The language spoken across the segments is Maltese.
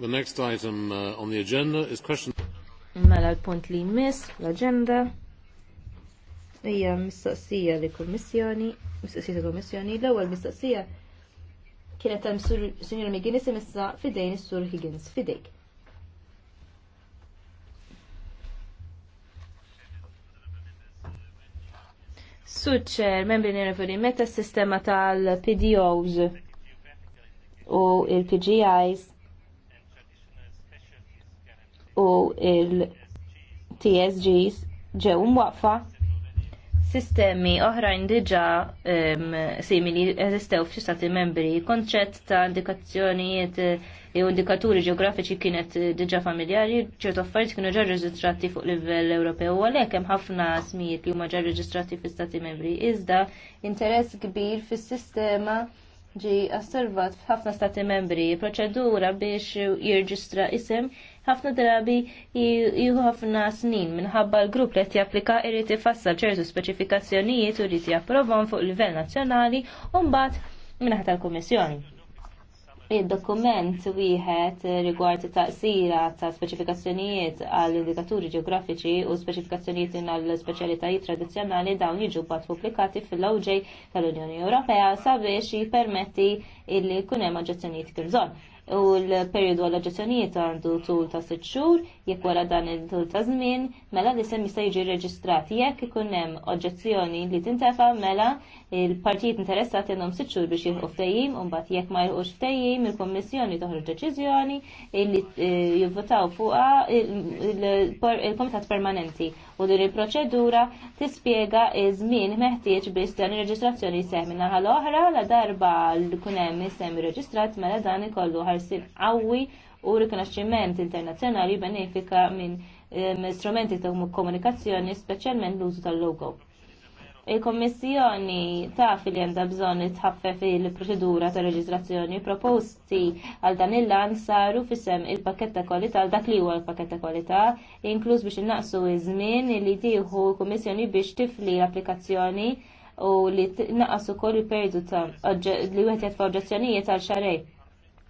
The next item uh, on the agenda is question... Mela l-punt li jmiss l-agenda hija mistoqsija li kummissjoni, mistoqsija ta' kummissjoni, l-ewwel mistoqsija kienet hemm Sinjur McGinnis imissa fidejn is-Sur Higgins fidejk. Suċċer, membri nirriferi, meta s-sistema tal-PDOs u il-PGIs u il-TSGs ġew mwaqfa sistemi oħrajn diġa um, simili eżistew f'xi stati membri. Konċett ta' indikazzjonijiet jew eh, indikaturi ġeografiċi kienet eh, diġa familjari, ċertu affarijiet kienu ġar reġistrati fuq livell Ewropew u għalhekk hemm ħafna smijiet li huma ġar reġistrati fl-Stati membri. Iżda interess kbir fis-sistema ġi osservat f'ħafna stati membri proċedura biex jirġistra isem ħafna drabi jihu ħafna snin minħabba l-grupp li qed japplika jrid ifassal ċertu speċifikazzjonijiet u jrid japprovhom fuq livell nazzjonali u mbagħad minħata l-Kummissjoni. Il-dokument wieħed rigward taqsira ta' speċifikazzjonijiet għall indikaturi ġeografiċi u speċifikazzjonijiet għall speċjalitajiet tradizzjonali dawn jiġu bat pubblikati fil-OJ tal-Unjoni Ewropea sabiex jippermetti illi kunem hemm oġġezzjonijiet kif bżonn u l-periodu għal oġġezzjonijiet għandu tul ta' 6 xhur, jekk wara dan il-tul ta' żmien, mela li isem jista' jiġi reġistrat jekk ikun hemm oġġezzjoni li tintefa' mela il-partijiet interessati għandhom sitt xhur biex jilħu ftejjim, u mbagħad jekk ma jilħux ftejjim, il-Kummissjoni toħroġ deċiżjoni li eh, jivvotaw fuqha il-Komitat Permanenti u din il-proċedura tispjega żmien meħtieġ biex dan ir-reġistrazzjoni jseħħ minn naħa l-oħra la darba li kun hemm isem irreġistrat mela dan ikollu ħarsin qawwi u rikonoxximent internazzjonali benefika minn eh, strumenti ta' komunikazzjoni speċjalment l-użu tal-logo. Il-Kommissjoni ta li hemm bżonn tħaffef il-proċedura ta' reġistrazzjoni proposti għal dan il-lan saru fissem il-pakket ta' kwalità għal dak li huwa l-pakket ta' kwalità, inkluż biex innaqsu iż-żmien li tieħu l-Kummissjoni biex tifli l-applikazzjoni u li naqsu kol il-periodu ta' li wieħed jitfa' oġġezzjonijiet għal xarej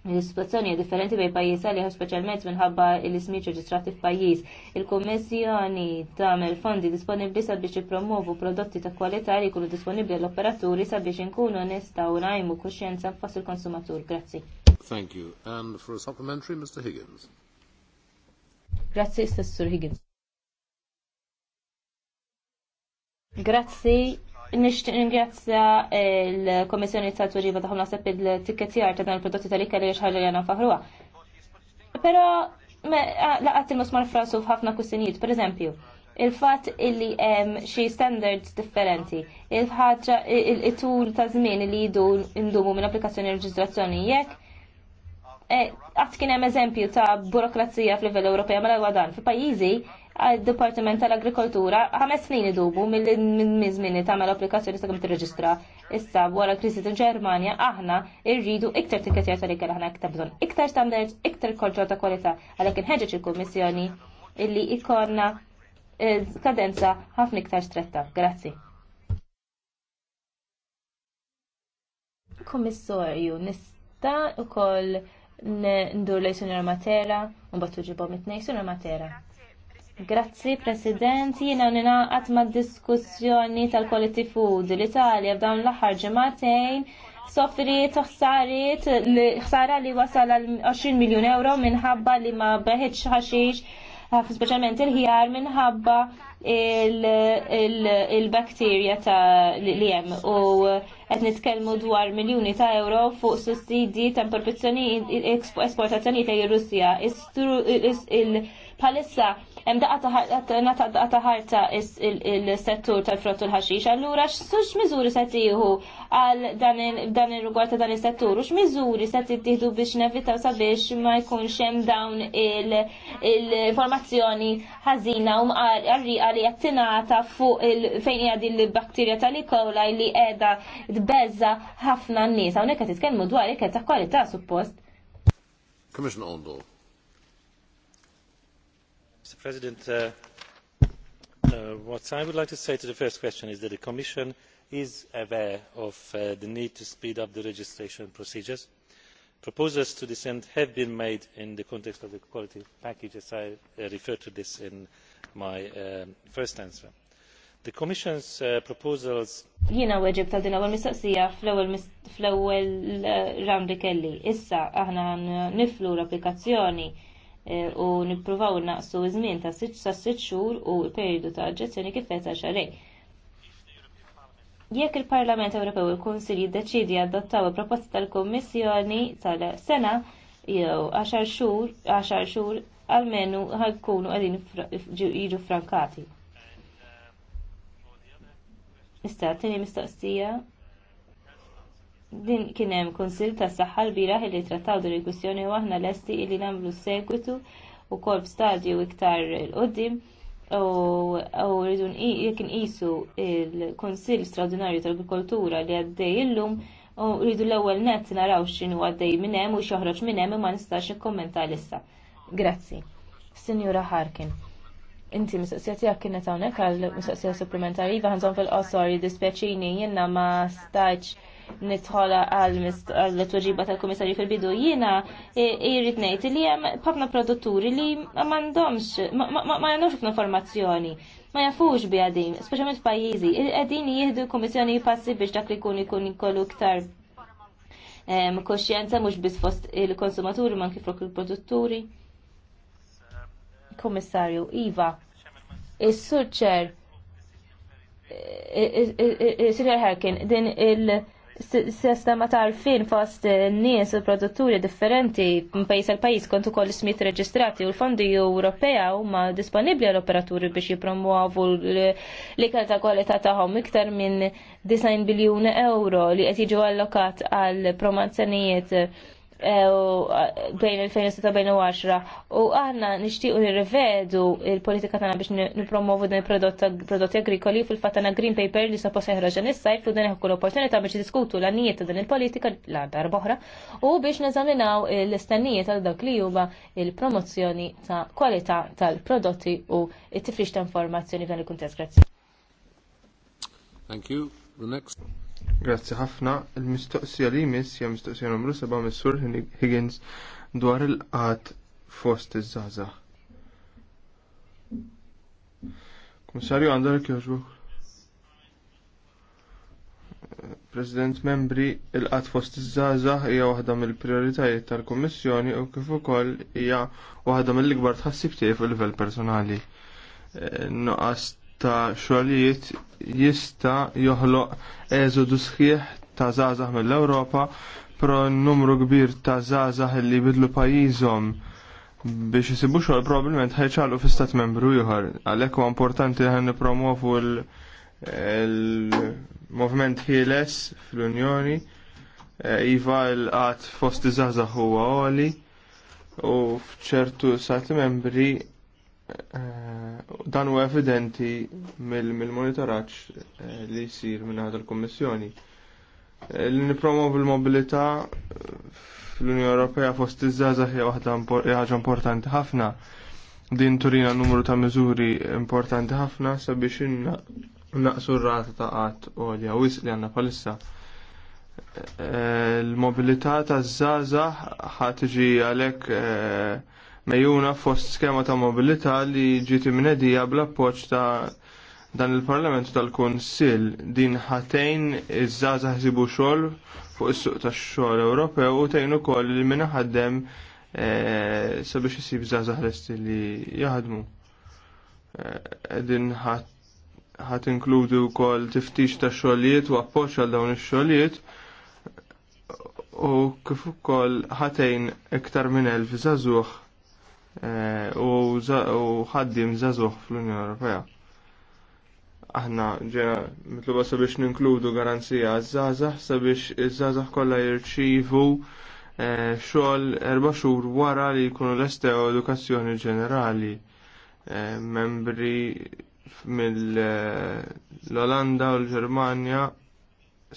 il situazzjoni differenti bej pajjiż għalih speċjalment minħabba l-ismiċ reġistrati f'pajjiż. Il-Kummissjoni tagħmel fondi disponibbli sabiex ippromovu prodotti ta' kwalità li jkunu disponibbli għall operaturi sabiex inkunu nistgħu ngħajmu kuxjenza fost il-konsumatur. Grazzi. Thank you. And for a supplementary, Mr. Higgins. Grazzi, Sessur Higgins. Grazzi, nishtiq ningrazzja l-Komissjoni ta' Turiba ta' naħseb il-tikketjar ta' dan il-prodotti tal-ikka li xaħġa li għana faħruwa. Pero laqat il-mus frasu f'ħafna kustinijiet, per eżempju, il-fat illi hemm xi standards differenti, il-ħaġa il-tul ta' żmien li jidu ndumu minn applikazzjoni reġistrazzjoni jekk għat eh, kien hemm eżempju ta' burokrazija fl-livell Ewropea mela għadan. Fi pajjiżi għal-Departiment tal-Agrikoltura ħames snin idubu mill-mizmini tagħmel applikazzjoni sa t tirreġistra. Issa wara krisi tal Ġermania, aħna rridu iktar tikketjar ta' ikel aħna iktar bżonn iktar standards, iktar kolġor ta' kwalità għalhekk inħeġġeġ il-Kummissjoni illi ikonna eh, kadenza ħafna iktar stretta. Grazzi. Kommissorju, nista' ukoll ndur lej sunjora Matera, un battu bomit it-nej sunjora Matera. Grazzi, President. Jina unina għatma diskussjoni tal-quality food. l italia f'dawn l-aħħar ġematejn soffri t-ħsarit l ħsara li wasal għal 20 miljon euro minħabba li ma beħiċ ħaxix eh, specialment il-ħjar minħabba il-bakterja ta' li jem u għet nitkelmu dwar miljoni ta' euro fuq sussidi ta' importazzjoni esportazzjoni ta' Russija. Palissa hemm daqqa ta' ħarta is settur tal-frott u l-ħaxix, allura x'sux miżuri se tieħu għal dan ir-rigward ta' dan is-settur u x'miżuri se tittieħdu biex nevitaw sabiex ma jkunx hemm dawn il-informazzjoni ħażina u għarriqa li qed tingħata fuq fejn hija din il-bakterja tal-ikola li qiegħda tbeża ħafna n-nies. Hawnhekk qed titkellmu dwar ikel ta' kwalità suppost. Commissioner Ondo. President, uh, uh, what I would like to say to the first question is that the Commission is aware of uh, the need to speed up the registration procedures. Proposals to this end have been made in the context of the quality package, as I referred to this in my um, first answer. The Commission's proposals. Jiena weġib ta' din ewwel mistoqsija fl-ewwel round li kelli. Issa aħna niflu l-applikazzjoni Eh, u nippruvaw naqsu iż-żmien ta' sitt xhur u l-perjodu ta' oġġezzjoni kif qed xarej. Jekk il-Parlament Ewropew u l-Kunsil jiddeċidi adottaw il-proposta tal-Kummissjoni tal-sena jew 10 xhur 10 xhur għalmenu ħajkunu qegħdin jiġu frankati. Issa, tieni mistoqsija din kien hemm kunsill tas-saħħa l-bieraħ li trattaw din il-kwistjoni u aħna lesti li nagħmlu segwitu wkoll f'stadju iktar il qudiem u rridu jekk nqisu il-Kunsill Straordinarju tal-Agrikoltura li għaddej illum u rridu l-ewwel nett naraw x'inhu għaddej minn hemm u x'joħroġ minn hemm ma nistax nikkommenta issa. Grazzi. Sinjura Harkin. Inti mistoqsija tiegħek kienet hawnhekk għal mistoqsija supplementari iva fil-qosor jiddispjaċini jiena ma stajtx nidħol għal tuġiba tal-Komissarju fil-bidu jiena irrid ngħid li hemm ħafna produtturi li m'għandhomx ma jagħmlux informazzjoni ma jafux bi għadin, speċjalment pajizi, qegħdin jieħdu komissjoni passi biex dak li jkun ikun ikollu iktar koxjenza mhux biss fost il-konsumaturi ma kifrok flok il-produtturi. Komissarju, Iva, is-surċer, il-surċer, Harkin, din il- sistema ta' fin fost nies u produtturi differenti pajis għal pajis kontu kol smit reġistrati u l-fondi Ewropea huma disponibbli għal operaturi biex jipromuovu l-ikel ta' kwalità tagħhom iktar minn 90 biljun euro li qed jiġu allokat għal promozzjonijiet bejn il-fejnista 2006 bejn 10 u aħna nixtiequ nirrevedu il-politika tagħna biex nipromovu din il-prodotti agrikoli fil-fatt green paper li suppost jeħroġ dan is-sajf u dan l opportunità biex diskutu l annijiet ta' din il-politika la darba oħra u biex nazaminaw l istannijiet ta' dak li huma il-promozzjoni ta' kwalità tal-prodotti u t tifriċ ta' informazzjoni f'dan il-kuntest. Grazie. Thank you. The next. Grazzi ħafna. Il-mistoqsija li jmiss hija mistoqsija numru seba' mis-Sur Higgins dwar il-qat fost iż-żgħażagħ. Komissarju għandek jogħġbok. President membri il-qat fost iż-żgħażagħ hija waħda mill prioritajiet tal-Kummissjoni u kif ukoll hija waħda mill-ikbar tħassib tiegħi fil livell personali. Eh, Noqast ta' xogħlijiet jista' joħloq eżodu sħiħ ta' żgħażagħ mill-Ewropa pro numru kbir ta' żgħażagħ li jbidlu pajjiżhom biex isibu xogħol probabbilment ħajċalu fi stat membru ieħor. Għalhekk huwa importanti ħan nippromovu l-movement ħieles fl-Unjoni. Eh, iva l-qatt fost iżgħażagħ huwa għoli u fċertu stati membri Eh, dan huwa evidenti mill-monitoraġġ eh, li jsir minn għad l kummissjoni eh, Li nipromovu l-mobilità fl-Unjoni Ewropea fost iż-żgħażagħ hija waħda importanti ħafna. Din turina numru ta' miżuri importanti ħafna sabiex naqsu r-rata ta' qatt għolja għawis li għandna bħalissa l-mobilità ta' żgħażagħ ħadd tiġi għalhekk Mejuna fost skema ta' mobilità li ġieti imnedija bl-appoġġ ta' dan il-Parlament tal-Kunsill din ħatejn iż-żaza ħsibu xogħol fuq is-suq tax-xogħol Ewropew u tgħin ukoll li minn ħaddem eh, sabiex isib żaza ħresti li jaħdmu. Qegħdin eh, ħadd inkludu wkoll tiftix ta' xogħlijiet u appoġġ għal dawn ix-xogħlijiet u kif ukoll ħatejn iktar minn elf żagħżugħ Eh, u ħaddim zazuħ fl-Unjoni Ewropea. Aħna ġena mitluba sabiex ninkludu garanzija għaż-żazax sabiex iż-żazax kollha jirċivu eh, xogħol erba' xhur wara li jkunu lestew edukazzjoni ġenerali. Eh, membri mill-Olanda u l-Ġermanja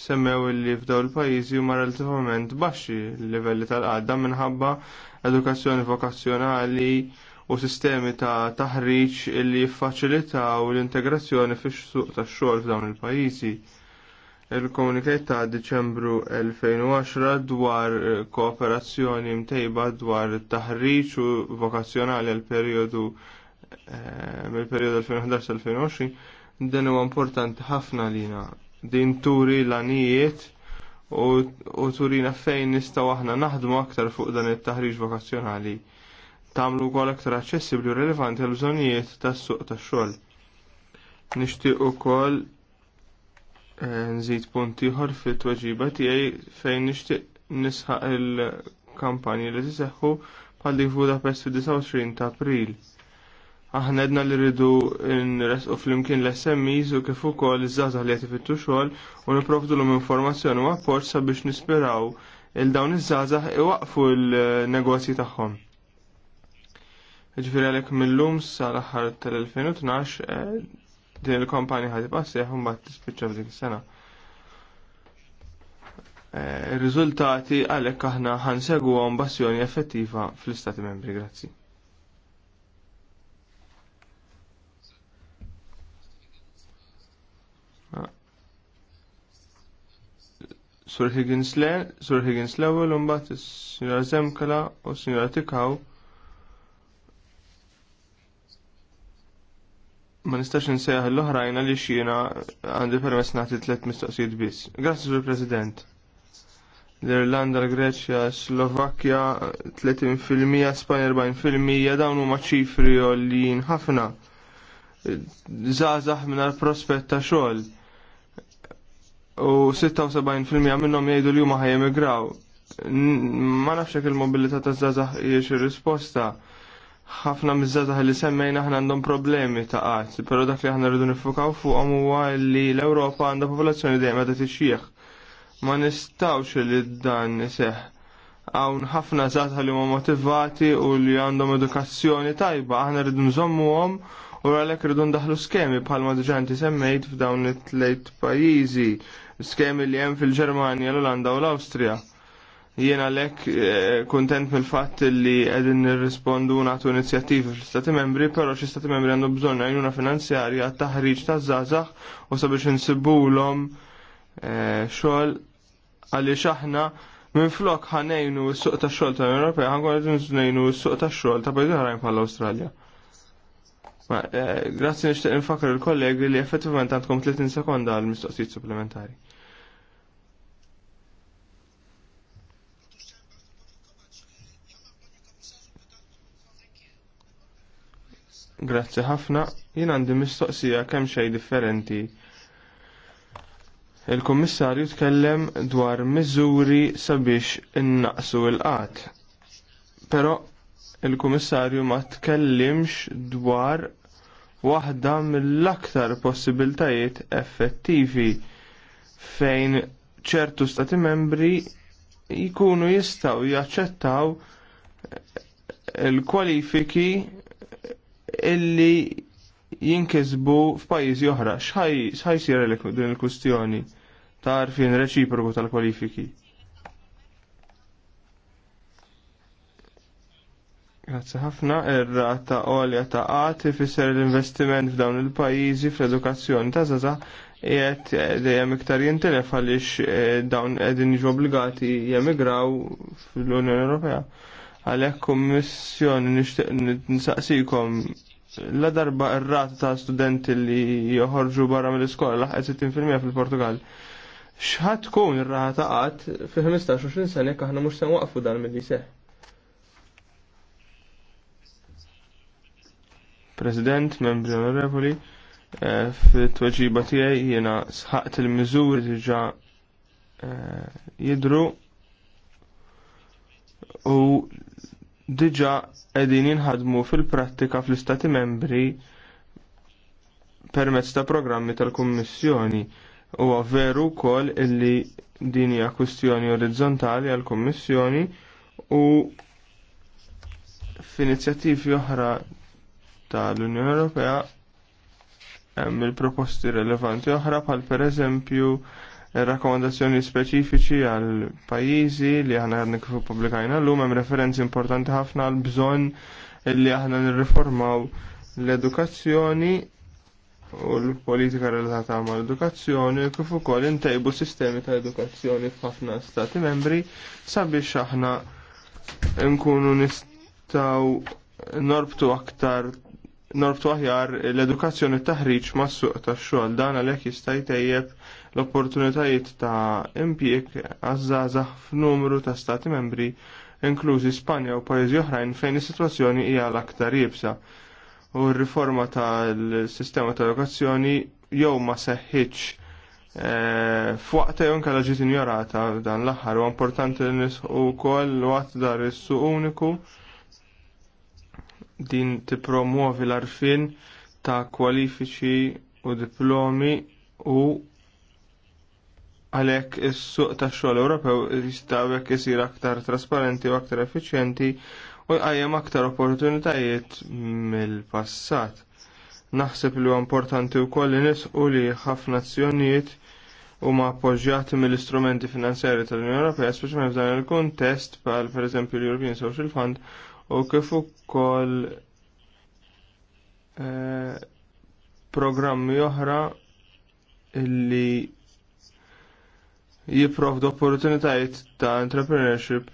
semmew li f'daw il-pajjiżi huma relativament baxxi l-livelli tal-qadda minħabba edukazzjoni vokazzjonali u sistemi ta' taħriġ li jiffaċilitaw l-integrazzjoni fix suq tax-xogħol f'dawn il-pajjiżi. Il-komunikat ta' Deċembru 2010 dwar kooperazzjoni mtejba dwar taħriġ u vokazzjonali għal periodu eh, mill-periodu 2011-2020 din huwa importanti ħafna lina. Din turi l-anijiet u turina fejn nistaw aħna naħdmu aktar fuq dan it-taħriġ vokazzjonali. Tamlu għal aktar aċċessibli u relevanti għal bżonijiet tas-suq tax-xogħol. Nixtieq ukoll eh, nżid punti ieħor fit-tweġiba tiegħi fejn nixtieq nisħaq il-kampanji li tiseħħu bħal dik Budapest fid-29 ta' April. Aħna edna li rridu nresqu fl-imkien l-SMEs u kif ukoll iż-żaza li qed ifittu xogħol u l-um informazzjoni u appoġġ sabiex nisperaw il dawn iż u iwaqfu l-negozji tagħhom. Ġifieri għalhekk millum sal-aħħar tal-2012 eh, din il-kompanja ħadib un bat mbagħad tispiċċa f'dik is-sena. Eh, ir-riżultati għalhekk aħna għom bassjoni effettiva fl-Istati Membri. Grazzi. Sur Higgins le, Sur Higgins l-ewwel u sinjora Zemkala u s-Sinjora Tikaw. Ma nistax nsejħ l oħrajna li xiena għandi permess nagħti tliet mistoqsijiet biss. Grazzi Sur President. L-Irlanda, l-Greċja, Slovakkja 30%, Spanja 40%, dawn huma ċifri għoljin ħafna. Zazax minn prospett ta' xogħol u 76% minnhom jgħidu li huma ħajemigraw. Ma nafx hekk il-mobilità ta' żgħażagħ il risposta Ħafna miż li semmejna aħna għandhom problemi ta' qatt, però dak li aħna rridu nifukaw fuqhom huwa li l-Ewropa għandha popolazzjoni dejjem qiegħda tixjieħ. Ma nistawx li dan iseħħ għawn ħafna zaħta li huma motivati u li għandhom edukazzjoni tajba, aħna rridu nżommu għom u għalek rridu ndaħlu skemi bħalma diġanti semmejt f'dawn it-tlejt pajizi skemi li hemm fil-Ġermanja, l-Olanda u l-Awstrija. Jiena lek eh, kontent mill-fatt li qegħdin nirrispondu nagħtu inizjattivi fl-Stati Membri, però xi Stati Membri għandu bżonn għajnuna finanzjarja taħriġ taż-żgħażagħ u sabiex insibulhom eh, xogħol għaliex aħna minn flok ħanejnu s-suq tax xogħol tal-Ewropea ħankun qed nejnu s-suq tax xogħol ta' pajjiż oħrajn bħall-Awstralja. Eh, grazzi nishtiq infakar il-kollegi li effettivament għandkom 30 sekonda għal mistoqsijiet supplementari. Grazzi ħafna, jien għandi mistoqsija kemm xejn differenti. Il-Kummissarju tkellem dwar miżuri sabiex innaqsu l-qat. Però il-Kummissarju ma tkellimx dwar waħda mill-aktar possibiltajiet effettivi fejn ċertu stati membri jkunu jistaw jaċċettaw il-kwalifiki illi jinkisbu f'pajjiżi oħra. X'ħaj sir din il-kwistjoni ta' arfien reċiproku tal-kwalifiki? Grazzi ħafna, ir-rata għolja ta' għati fisser l-investiment f'dawn il-pajizi fl-edukazzjoni ta' zaza jgħet dejjem iktar jintelef għaliex eh, dawn qegħdin jiġu obbligati jemigraw fl-Unjoni Ewropea. Għalhekk missjoni nixtieq nisaqsikom la darba r-rata ta' studenti li joħorġu barra mill-iskola laħ 60% fil-Portugal. Xħat tkun ir-rata qatt fi 15-20 sena kħahna aħna mhux waqfu dan mill seħ. President, membri onorevoli, eh, fit-tweġiba tiegħi jiena sħaqt il-miżuri diġa eh, jidru u diġa qegħdin jinħadmu fil-prattika fl-Istati membri permezz ta' programmi tal-Kummissjoni. Huwa veru wkoll illi din hija kwistjoni orizzontali għall-Kummissjoni u f'inizjattivi oħra tal-Unjoni Ewropea hemm il-proposti relevanti oħra bħal pereżempju rakkomandazzjoni speċifiċi għal pajjiżi li aħna għadna kif pubblikajna llum hemm referenzi importanti ħafna għal bżonn li aħna nirriformaw l-edukazzjoni u l-politika relatata mal l-edukazzjoni kif ukoll intejbu sistemi ta' edukazzjoni f'ħafna stati membri sabiex aħna nkunu nistgħu norbtu aktar norbtu aħjar l-edukazzjoni taħriġ mas-suq tax-xogħol dan għalhekk jista' jtejjeb l-opportunitajiet ta' impjieg għazzazah f'numru ta' stati membri, inklużi Spanja u pajjiżi oħrajn fejn is-sitwazzjoni hija l-aktar jibsa. U r-riforma tal-sistema ta' edukazzjoni jew ma seħħitx eh, Fwaqta jonka ġiet injorata dan l-aħħar u importanti li nisħu wkoll waqt dar is-suq uniku din tippromuovi l-arfin ta' kwalifiċi u diplomi u Għalhekk is-suq tax-xogħol Ewropew jista' hekk isir aktar trasparenti u aktar effiċjenti u jqajjem aktar opportunitajiet mill-passat. Naħseb li huwa importanti wkoll li nisqu li ħafna azzjonijiet huma appoġġjati mill-istrumenti finanzjari tal-Unjoni Ewropea, speċjalment f'dan il-kuntest bħal pereżempju l-European Social Fund u kif ukoll eh, programmi oħra illi jipprovdu opportunitajiet ta' entrepreneurship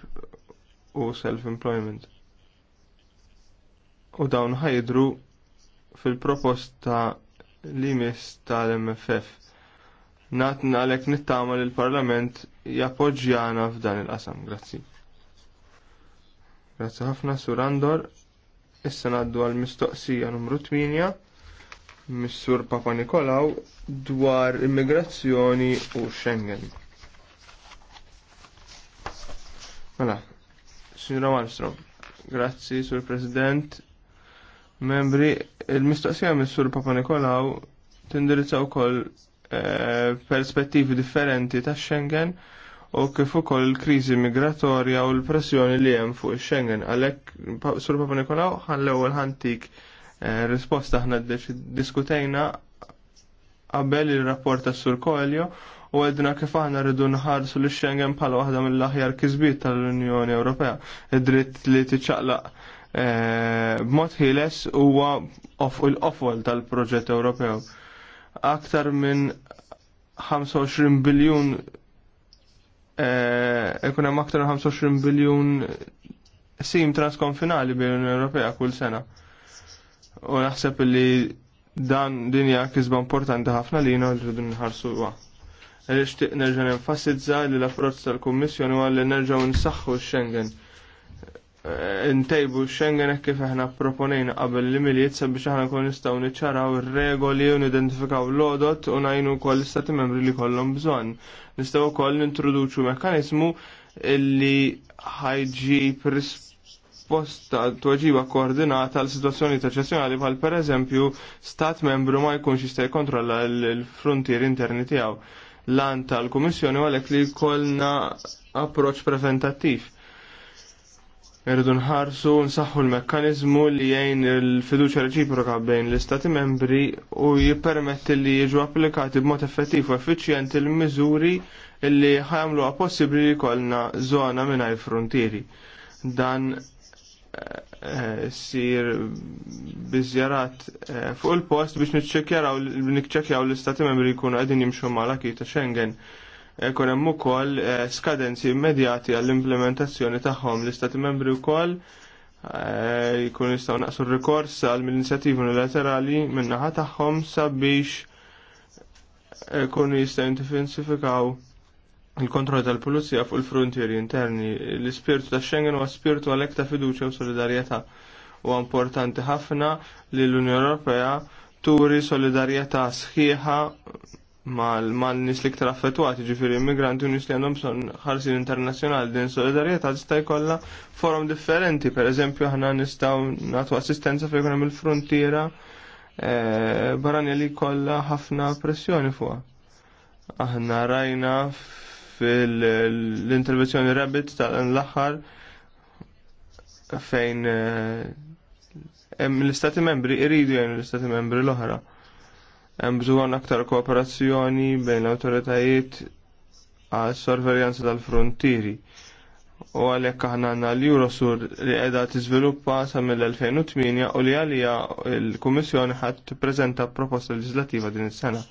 u self-employment. U dawn ħajdru fil-proposta li mis tal-MFF. Natna għalek nittama li l-Parlament jappoġġjana f'dan il-qasam. Grazzi. Grazzi ħafna Sur Andor. Issa naddu għal mistoqsija numru 8 missur Papa Nikolaw dwar immigrazzjoni u Schengen. Mela, Signora Malmstrom, grazzi, Sur President, membri, il-mistoqsija mis Sur Papa Nikolaw tindirizzaw kol eh, perspettivi differenti ta' Schengen u kif ukoll il kriżi migratorja u l-pressjoni li hemm fuq Schengen. Għalhekk Sur Papa Nikolaw ħall-ewwel ħantik eh, risposta aħna diskutejna qabel il-rapport ta' Sur Koelio u għedna kif aħna rridu nħarsu li Schengen bħala waħda mill-aħjar kisbiet tal-Unjoni Ewropea. Id-dritt li tiċċaqlaq eh, b'mod ħieles huwa l-qofol tal-proġett Ewropew. Aktar minn 25 biljun eh, ikun hemm aktar minn 25 biljun sim transkonfinali l unjoni Ewropea kull sena. U naħseb li dan dinja kisba importanti ħafna li jina rridu nħarsu wa. Nixtieq nerġa' nenfasizza li l-approċċ tal-Kummissjoni huwa li nerġgħu nsaħħu x-Schengen. Intejbu eh, x-Schengen hekk kif aħna proponejna qabel li miliet sabiex aħna nkun nistgħu niċċaraw ir-regoli u nidentifikaw l-odot u ngħinu wkoll l-istati membri li kollhom bżonn. Nistgħu wkoll nintroduċu mekkaniżmu illi ħajġib risposta tweġiba koordinata għal situazzjoni eccezjonali bħal per eżempju stat membru ma jkunx jista' jkontrolla l-frontier interni tiegħu lan tal-Kummissjoni għalhekk li jkollna approċċ preventattiv. Irridu nħarsu nsaħħu l-mekkanizmu li jgħin il-fiduċa reċiproka bejn l-Istati membri u jippermetti li jiġu applikati b'mod effettiv u effiċjenti l-miżuri li ħajamluha possibbli li jkollna żona mingħajr frontieri. Dan sir bizjarat eh, fuq il-post biex nitċekjaw l-istati membri jkunu għedin jimxu mal akita ta' Schengen. Eh, kun hemm ukoll eh, skadenzi immedjati għall-implementazzjoni tagħhom l-istati membri wkoll jkunu jistgħu naqsu r-rikors għal mill-inizjattivi unilaterali min-naħa tagħhom sabiex jkunu jistgħu jintifinsifikaw il-kontroll tal-pulizija fuq il-frontieri interni. L-ispirtu ta' Schengen huwa spirtu għalhekk ta' fiduċja u solidarjetà. Huwa importanti ħafna li l-Unjoni Ewropea turi solidarjetà sħiħa mal nies li ktar affettwati ġifiri immigranti u nies li għandhom son ħarsin internazzjonali din solidarjetà tista' jkollha forum differenti, per eżempju aħna nistgħu nagħtu assistenza fejn hemm il-frontiera eh, barani li jkollha ħafna pressjoni fuqha. Aħna rajna fil-intervenzjoni rabbit tal-aħħar fejn eh, l-istati membri iridu jgħin l-istati membri l-oħra. Hemm bżonn aktar kooperazzjoni bejn l-awtoritajiet għal sorveljanza tal-frontieri. U għalhekk aħna għandna l-Eurosur li qiegħda tiżviluppa sa mill-2008 u li għalija l-Kummissjoni ħadd tippreżenta proposta leġislattiva din is-sena.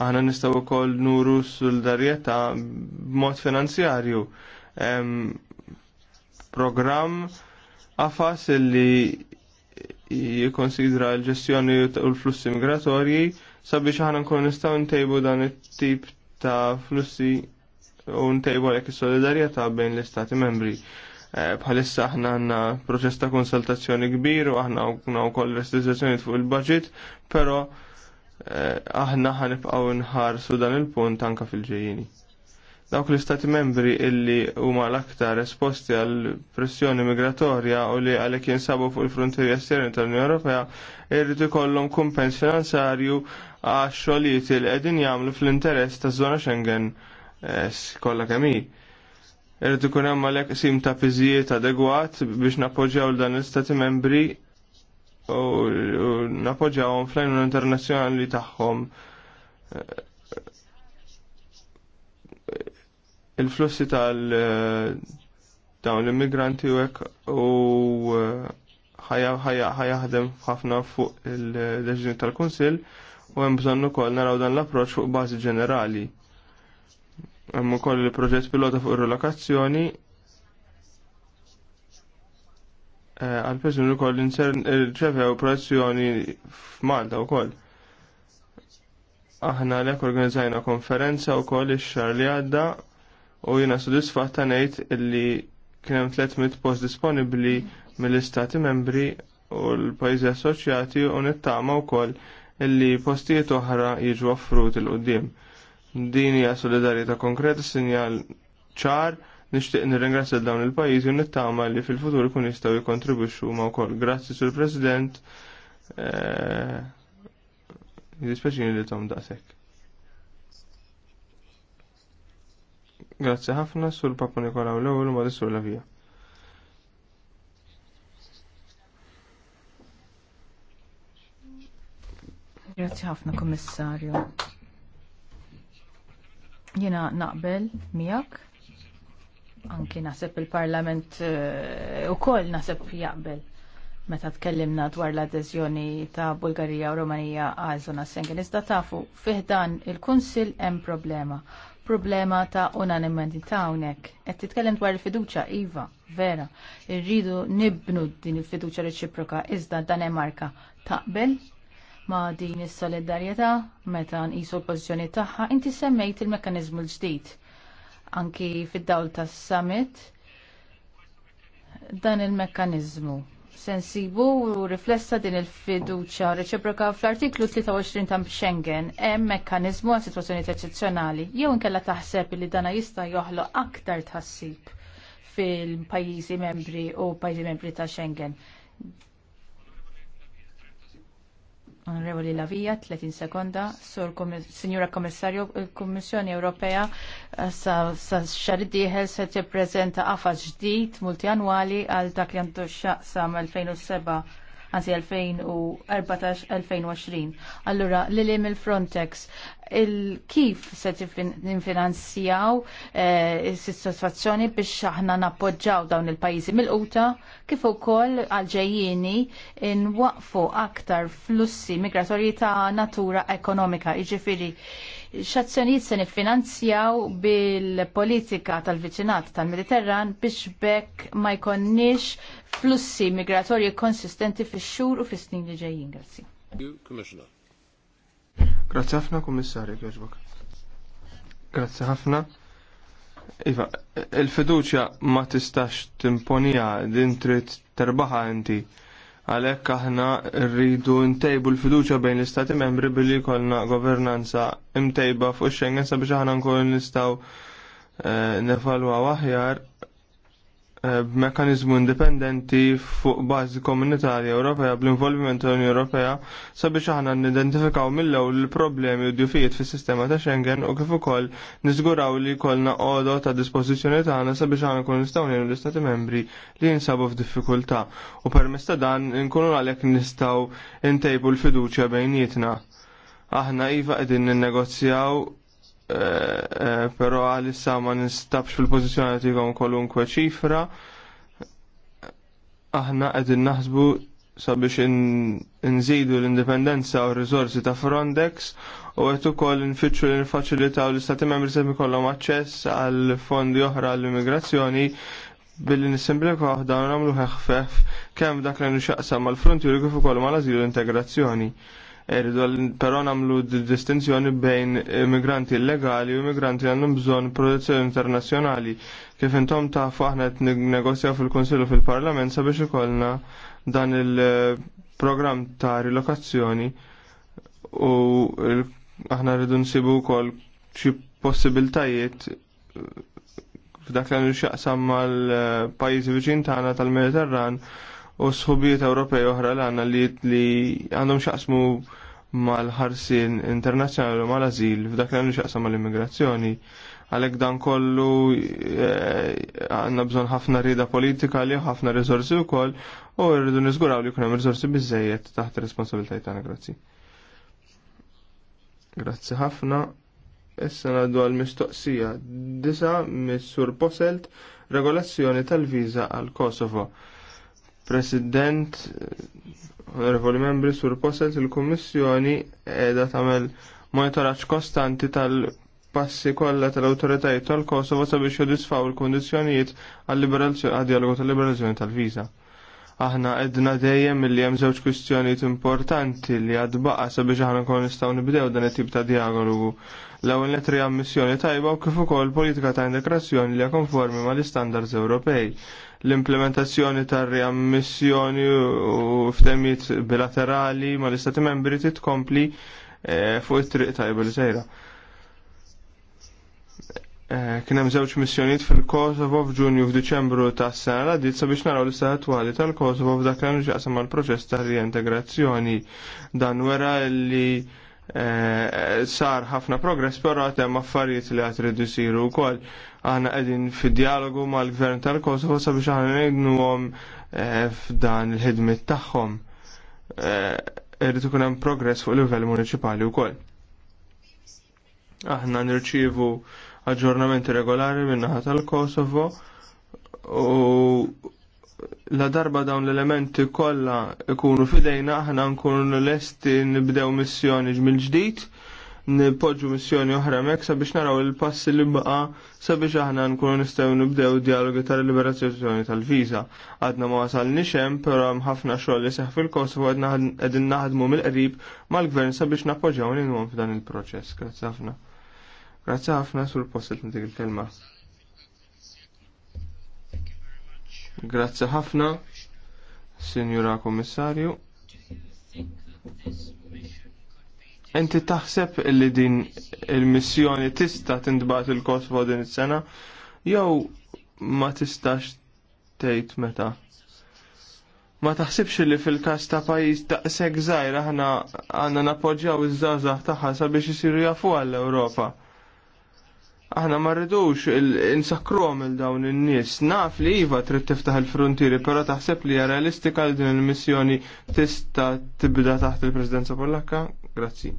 Aħna nistgħu wkoll nuru solidarjetà b'mod finanzjarju. Programm għafas li jikonsidra l-ġestjoni u l-flussi migratorji sabiex ħana nkun nistaw ntejbu dan it-tip ta' flussi u ntejbu għalek solidarjetà bejn l-istati membri. Eh, bħalissa aħna għanna proċess ta' konsultazzjoni kbir u aħna għanna u koll restrizzjoni fuq il-budget, pero Eh, aħna ħanibqgħu nħarsu dan il-punt anka fil-ġejjini. Dawk l-istati membri illi huma l-aktar esposti għal pressjoni migratorja u li għalek jinsabu fuq il-frontieri esterni tal-Unjoni Ewropea irridu jkollhom kumpens finanzarju għax xogħlijiet li qegħdin jagħmlu fl-interess taż-żona Schengen eh, kollha kemm hi. Irrid ikun hemm għalhekk sim ta' fiżijiet adegwat biex nappoġġjaw dan l-istati membri u napoġawhom fl għajnu internazzjonali tagħhom il-flussi tal eh, dawn l-immigranti u hekk u eh, ħajjaħdem ħafna fuq il-deċiżjoni tal-Kunsill u hemm bżonn ukoll naraw dan l-approċċ fuq bażi ġenerali. Hemm ukoll il-proġett pilota fuq ir-relokazzjoni għal persun u koll ċevew pressjoni f'Malta u koll. Aħna l-ek organizajna konferenza u koll ix li għadda u jina sodisfatta nejt illi kienem 300 post disponibli mill-istati membri u l-pajzi assoċjati u nittama u koll illi postijiet oħra jiġu offrut il-qoddim. Din hija solidarjetà konkreta sinjal ċar Nixtieq nirringrazzja dawn il-pajjiżi u nittama li fil-futur ikun jistgħu jikkontribwixxu ma wkoll. Grazzi sur President. Eh, Jispeċini li tom daqshekk. Grazzi ħafna sur Papu Nikolaw l-ewwel u madi sur Lavija. Grazzi ħafna Kummissarju. Jiena naqbel miegħek Anki naħseb il-Parlament eh, u koll naħseb jaqbel meta tkellimna dwar l adezjoni ta' Bulgarija u Rumanija għal zona Schengen. Iżda tafu fiħdan il-Kunsil hemm problema. Problema ta' unanimità hawnhekk. Qed titkellem dwar il-fiduċja iva, vera. Irridu nibnu din il-fiduċja reċiproka iżda Danemarka taqbel ma' din is-solidarjetà meta nqisu l-pożizzjoni tagħha inti semmejt il-mekkaniżmu l-ġdid anki fid-dawl tas-summit dan il-mekkanizmu sensibu u riflessa din il-fiduċa reċiproka fl-artiklu 23 ta' Schengen hemm mekkaniżmu għal sitwazzjoni eċċezzjonali. Jew inkella taħseb li dana jista' joħloq aktar tħassib fil-pajjiżi membri u pajjiżi membri ta' Schengen. Onorevoli Lavija, 30 sekonda, Sur Signora Kommissarju, il-Kommissjoni Ewropea eh, sa, sa xar diħel se tippreżenta qafas ġdid multianwali għal dak li għandu xaqsam 2007 anzi 2014-2020. Allura, li li mill-Frontex, kif se ninfinanzjaw is-sitwazzjoni biex aħna nappoġġaw dawn il-pajjiżi mill-quta kif ukoll in nwaqfu aktar flussi migratorji ta' natura ekonomika, jiġifieri x'azzjonijiet se niffinanzjaw bil-politika tal-viċinat tal-Mediterran biex bekk ma jkonniex flussi migratorji konsistenti fix-xhur u fis-snin li ġejjin. Grazzi. Grazzi ħafna, Kummissarju, kieġbok. Grazzi ħafna. Iva, il-fiduċja ma tistax timponija din trid terbaħa inti Għalhekk aħna rridu ntejbu l-fiduċja bejn l-Istati membri billi jkollna governanza imtejba fuq xengen sabiex aħna nkunu nistgħu eh, nefalwa aħjar Eh, b'mekanizmu indipendenti fuq bażi komunitarja Ewropea bl-involviment tal-Unjoni Ewropea sabiex aħna nidentifikaw mill-ewwel il-problemi u djufijiet fis-sistema ta' Schengen u kif ukoll niżguraw li jkollna għodu ta' dispożizzjoni tagħna sabiex aħna nkunu nistgħu ngħinu l-Istati membri li jinsabu f'diffikultà u permezz ta' dan nkunu għalhekk nistgħu ntejbu l-fiduċja bejnietna. Aħna iva qegħdin ninnegozjaw Eh, eh, però għalissa ma nistabx fil-pozizjoni li kolunkwe ċifra. Aħna għedin naħsbu sabiex nżidu l-indipendenza u r rizorsi ta' Frontex u qed ukoll nfittxu li u l-istati membri sebi kollom aċċess għal fondi oħra għall-immigrazzjoni billi nissimblek waħda u nagħmlu ħeħfef kemm dak li fronti mal l kif ukoll għal-azilu l integrazzjoni. Irridu però nagħmlu distinzjoni bejn immigranti illegali u immigranti għandhom bżonn protezzjoni internazzjonali. Kif intom ta' aħna qed negozjaw fil-Kunsill fil-Parlament sabiex ikollna dan il-programm eh, ta' rilokazzjoni u aħna rridu nsibu wkoll xi possibiltajiet eh, f'dak li għandu xaqsam mal-pajizi eh, viċin tagħna tal-Mediterran u sħubiet Ewropej oħra l għanna li għandhom xaqsmu mal-ħarsin internazzjonali u mal-azil f'dak li xaqsam mal-immigrazzjoni. Għalek dan kollu eh, għanna bżon ħafna rida politika li ħafna rizorsi u koll u rridu nizguraw li kunem rizorsi bizzejiet taħt responsabiltajt għana grazzi. Grazzi ħafna. Issa naddu għal-mistoqsija. Disa mis-sur Poselt regolazzjoni tal-viza għal Kosovo. President onorevoli membri, sur poselt il-Kommissjoni edha tagħmel monitoraġġ kostanti tal-passi kollha tal-awtoritajiet tal-Kosovo sabiex jodisfaw il-kondizzjonijiet għal-dialogu tal-liberazzjoni tal-viża. Aħna edna dejjem li hemm żewġ kwistjonijiet importanti li għad baqa sabiex aħna nkun nistgħu nibdew dan it-tip ta' dialogu. L-ewwel net ammissjoni tajba u kif ukoll politika ta' integrazzjoni li konformi mal-istandards Ewropej l-implementazzjoni tar riammissjoni u f'temijiet bilaterali ma l-istati membri titkompli eh, fuq it-triq tajba li sejra. Eh, kien hemm żewġ missjonijiet fil-Kosovo f'Ġunju f'Diċembru tas-sena l-għaddiet sabiex naraw l-istat attwali tal-Kosovo f'dak l għandu x'jaqsam proċess ta' riintegrazzjoni. Dan wera li Eh, sar ħafna progress, pero għatem affarijiet li għat rridu siru u koll. Għana għedin fil-dialogu ma l-gvern tal-Kosovo sabiex għana negnu għom eh, f'dan il-ħidmit taħħom. Eh, Irridu kunem progress fuq l-level municipali u koll. Aħna nirċivu aġġornamenti regolari minnaħat tal-Kosovo u la darba dawn l-elementi kollha ikunu fidejna aħna nkunu lesti nibdew missjoni ġmil ġdid, nipoġġu missjoni oħra mek sabiex naraw il-passi li baqa sabiex aħna nkunu nistgħu nibdew dialogi tal-liberazzjoni tal-viża. Għadna ma wasalniex hemm, però hemm ħafna xogħol li seħħ fil-Kosovo għadna qegħdin naħdmu mill-qrib mal-gvern sabiex nappoġġjaw lilhom f'dan il-proċess. Grazzi ħafna. Grazie ħafna sul n dik il-kelma. Grazzi ħafna, Sinjura Kommissarju. Enti taħseb li din il-missjoni tista' tindbat il-Kosovo din is-sena jew ma tistax tgħid meta. Ma taħsibx li fil-każ ta' pajjiż daqshekk żgħir aħna għandna nappoġġjaw iż-żgħażagħ tagħha sabiex isiru jafu għall-Ewropa. Aħna ma rridux insakrom il dawn in-nies. Naf li iva trid tiftaħ il-frontieri, però taħseb li hija realistika li din il-missjoni tista' tibda taħt il-Presidenza Pollakka? Grazzi.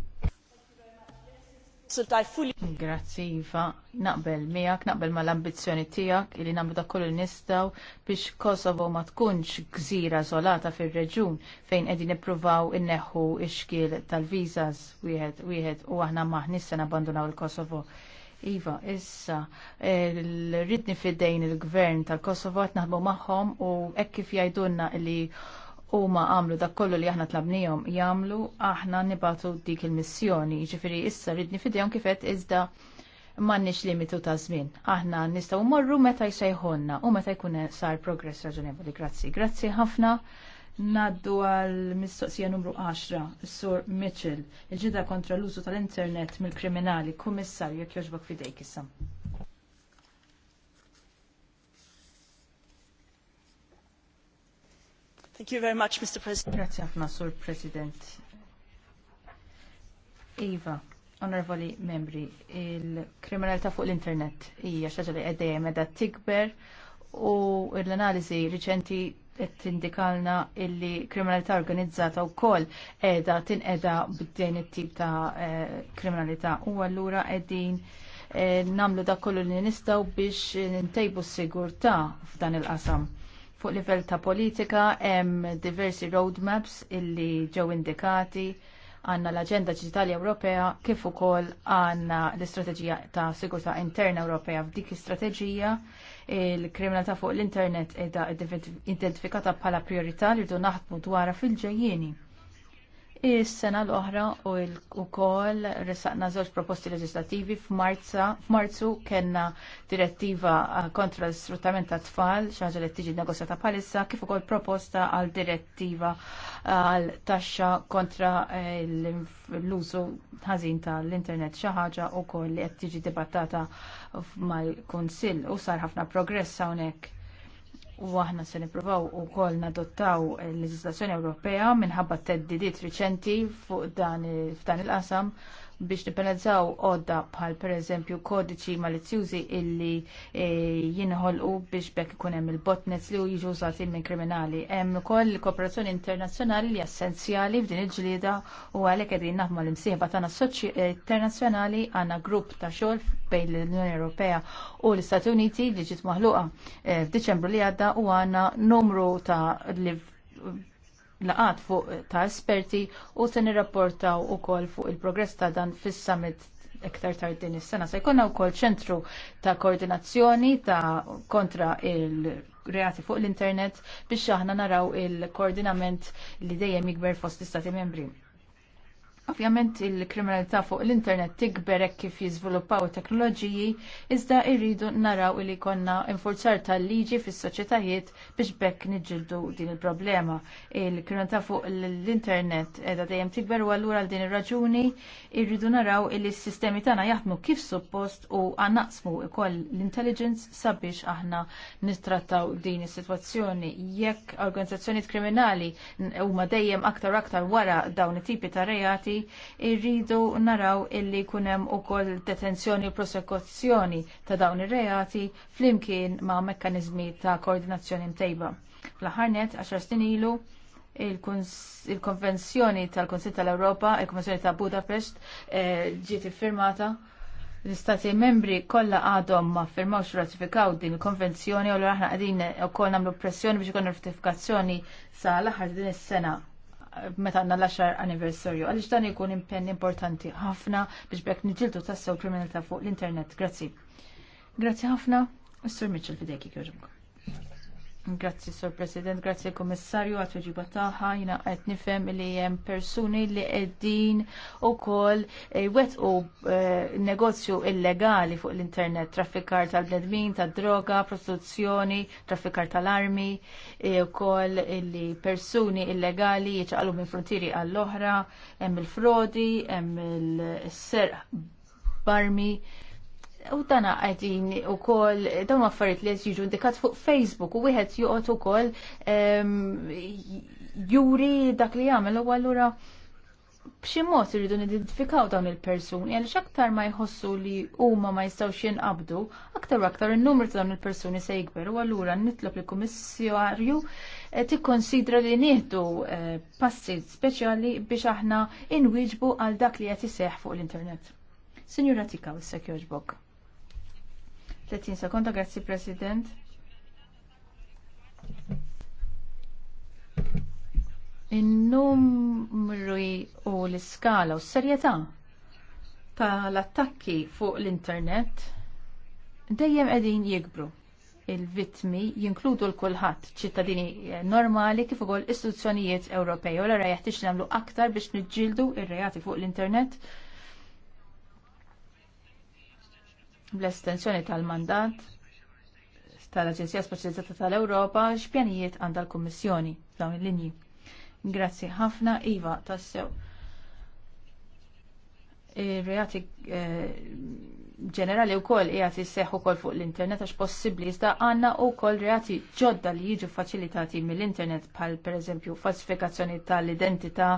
Grazzi Iva, naqbel miegħek, naqbel mal-ambizzjoni tiegħek li nagħmlu dak kollu nistgħu biex Kosovo ma tkunx gżira żolata fir-reġun fejn qegħdin nippruvaw inneħħu x-xkiel tal-viżas wieħed wieħed u aħna maħnis se nabbandunaw il-Kosovo. Iva, issa, ridni fidejn il-gvern tal-Kosovo għat naħdmu maħħom u ekkif jajdunna li huma għamlu dak kollu li aħna tlabnijom jagħmlu aħna nibatu dik il-missjoni. Ġifiri, issa ridni fidejhom kifet iżda m'għandniex limitu ta' żmien. Aħna nistgħu morru meta jsejħonna u meta jkun sar progress raġunevoli. Grazzi, grazzi ħafna. Naddu għal mistoqsija numru 10, Sur Mitchell, il-ġida kontra l-użu tal-internet mill-kriminali, kummissar jek joġbok fidejk issa. Thank you very much, Mr. President. Grazie ħafna, Sur President. Iva, onorevoli membri, il-kriminalità fuq l-internet hija xaġa li għeddeja meda tikber u l-analizi riċenti tindikalna illi kriminalità organizzata wkoll qiegħda tinqeda b'din it-tip ta' eh, kriminalità u allura qegħdin eh, namlu da kollu li nistgħu biex ntejbu s-sigurtà f'dan il-qasam. Fuq livell ta' politika hemm diversi roadmaps illi ġew indikati għanna l-Aġenda Digitali Ewropea kif ukoll għanna l-Istrateġija ta' Sigurtà Interna Ewropea f'dik l-istrateġija il-kriminalità fuq l-internet edha identifikata bħala priorità li rridu naħdmu dwarha fil-ġejjieni. Is-sena l-oħra u l-ukoll resaqna żewġ proposti leġislativi f'Marzu kellna direttiva eh, kontra l-sfruttament ta' tfal, xi ħaġa li tiġi negozjata bħalissa, kif ukoll proposta għal direttiva eh, għal taxxa kontra eh, l-użu ħażin tal-internet xi ħaġa wkoll li qed tiġi dibattata mal-Kunsill u sar ħafna progress hawnhekk u aħna se nippruvaw ukoll nadottaw l-leġislazzjoni Ewropea minħabba t-teddidiet riċenti fuq dan f'dan il-qasam biex nipenazzaw għodda bħal per eżempju kodiċi malizzjużi illi e, jinħolqu biex bekk ikun hemm il-botnets li jiġu użati minn kriminali. Hemm ukoll kooperazzjoni internazzjonali li essenzjali f'din il-ġlieda u għalhekk qegħdin naħdmu l-imsieħba tagħna eh, internazzjonali għandna grupp ta' xogħol bejn l-Unjoni Ewropea u l-Istati Uniti li ġiet maħluqa eh, f'Diċembru li għadda u għandna numru ta' laqat fuq ta' esperti u se nirrapportaw ukoll fuq il-progress ta' dan fis-summit iktar tard din is-sena. Se jkollna wkoll ċentru ta' koordinazzjoni ta' kontra il-reati fuq l-internet biex aħna naraw il-koordinament li dejjem jikber fost l istati membri. Ovvjament il-kriminalità fuq l-internet tikber hekk kif jiżviluppaw teknoloġiji, iżda irridu naraw li konna infurzar tal-liġi fis-soċjetajiet biex bekk niġġildu din il-problema. Il-kriminalità fuq l-internet edha dejjem tikber u allura għal din ir-raġuni irridu naraw li s-sistemi tagħna jaħdmu kif suppost u għannaqsmu wkoll l-intelligence sabiex aħna nittrattaw din is-sitwazzjoni. Jekk organizzazzjonijiet kriminali huma dejjem aktar aktar wara dawn it-tipi ta' reati reati irridu naraw illi kunem u koll detenzjoni u prosekuzzjoni ta' dawn ir-reati flimkien ma' mekkanizmi ta' koordinazzjoni mtejba. Fl-ħarnet, 10 snin ilu, il-konvenzjoni tal-Konsil tal-Europa, il-konvenzjoni ta' Budapest, eh, ġiet firmata l-istati membri kollha għadhom ma firmawx ratifikaw din il-konvenzjoni u l-aħna għadin u koll namlu pressjoni biex ikun ratifikazzjoni sa l-aħħar din is-sena meta għanna l axar anniversarju, għalix dan ikun impenn importanti ħafna biex bekk nġiltu tassew kriminalità fuq l-internet. Grazzi. Grazzi ħafna, Mr. Mitchell fidejki kjoġbuk. Grazzi, Sor President, grazzi Komissarju għat ġibataħa, jina għet nifem li jem persuni li għeddin u kol eh, wet u eh, negozju illegali fuq l-internet, traffikar tal-bnedmin, tal-droga, prostituzzjoni, traffikar tal-armi, eh, u kol li persuni illegali jieċaqalu minn frontieri għall-oħra, jem il-frodi, jem il-serq barmi U dana għedin u kol, dawn affarijiet li jiġu indikat fuq Facebook u wieħed joqgħod ukoll ehm, juri dak li jagħmel u allura b'xi mod iridu nidentifikaw dawn il-persuni għaliex aktar ma jħossu li huma ma jistgħux jinqabdu, aktar u aktar il numru ta' dawn il-persuni se jikber u allura nitlob li kummissjarju eh, tikkonsidra li nieħdu eh, passi speċjali biex aħna inwiġbu għal dak li qed iseħħ fuq l-internet. Signora Tikaw, s-sekjoġ 30 sekonda, grazzi President. In-numri u l-iskala u s-serjetà tal-attakki fuq l-internet dejjem qegħdin jikbru. Il-vittmi jinkludu l-kulħadd ċittadini eh, normali kif ukoll istituzzjonijiet Ewropej u l-ara nagħmlu aktar biex niġġieldu ir-reati fuq l-internet bl-estensjoni tal-mandat tal-Aġenzija Speċjalizzata tal-Ewropa x'pjanijiet għandha l-Kummissjoni dawn il-linji. Grazzi ħafna, Iva, tassew. reati eh, ġenerali u koll jgħat jisseħu koll fuq l-internet għax possibli jista għanna u koll reati ġodda li jiġu faċilitati mill-internet pal per eżempju falsifikazzjoni tal-identità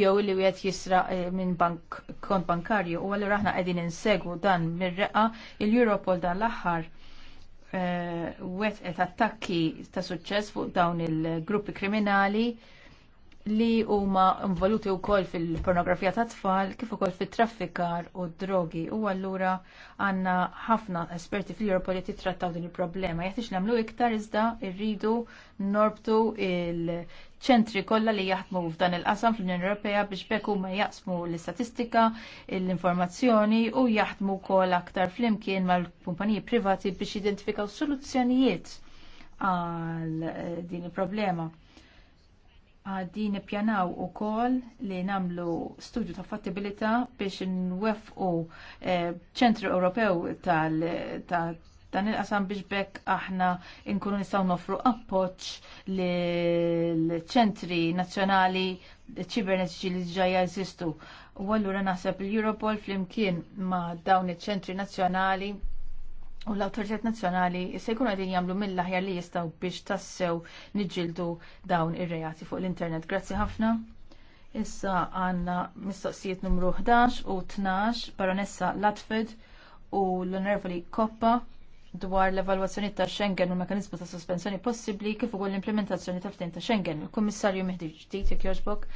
jew li wieħed jisra eh, minn bank, kont bankarju u għallu raħna għedin insegu dan mir-reqa il-Europol dan l-aħħar eh, wet attakki ta' suċċess fuq dawn il-gruppi kriminali li huma involuti wkoll fil-pornografija ta' tfal kif ukoll fit-traffikar u d-drogi u allura għandna ħafna esperti fl-Europa li titrattaw din il-problema. Jeħtieġ nagħmlu iktar iżda rridu norbtu il-ċentri kollha li jaħdmu f'dan il-qasam fl-Unjoni Ewropea biex bekk huma jaqsmu l-istatistika, l-informazzjoni u jaħdmu wkoll aktar flimkien mal-kumpaniji privati biex jidentifikaw soluzzjonijiet għal din il-problema għaddi nippjanaw u kol li namlu studju ta' fattibilità biex nwefqu eh, ċentru eh, Ewropew tal, tal dan il-qasam biex bekk aħna inkunu nistaw nofru appoċ li l-ċentri nazzjonali ċibernetiċi li ġajja jeżistu. U għallura naħseb l-Europol fl-imkien ma dawn iċ-ċentri nazzjonali U l-autoritet nazjonali se jkunu għedin jamlu mill laħjar li jistaw biex tassew nġildu dawn ir-reati fuq l-internet. Grazzi ħafna. Issa għanna mistoqsijiet numru 11 u 12 baronessa Latfed u l-onorevoli Koppa dwar l-evalwazzjoni ta' Schengen u l-mekanizmu ta' sospensjoni possibbli kif ukoll l-implementazzjoni ta' ftehim ta' Schengen. Il-Kummissarju meħdi ġdid jekk jogħġbok.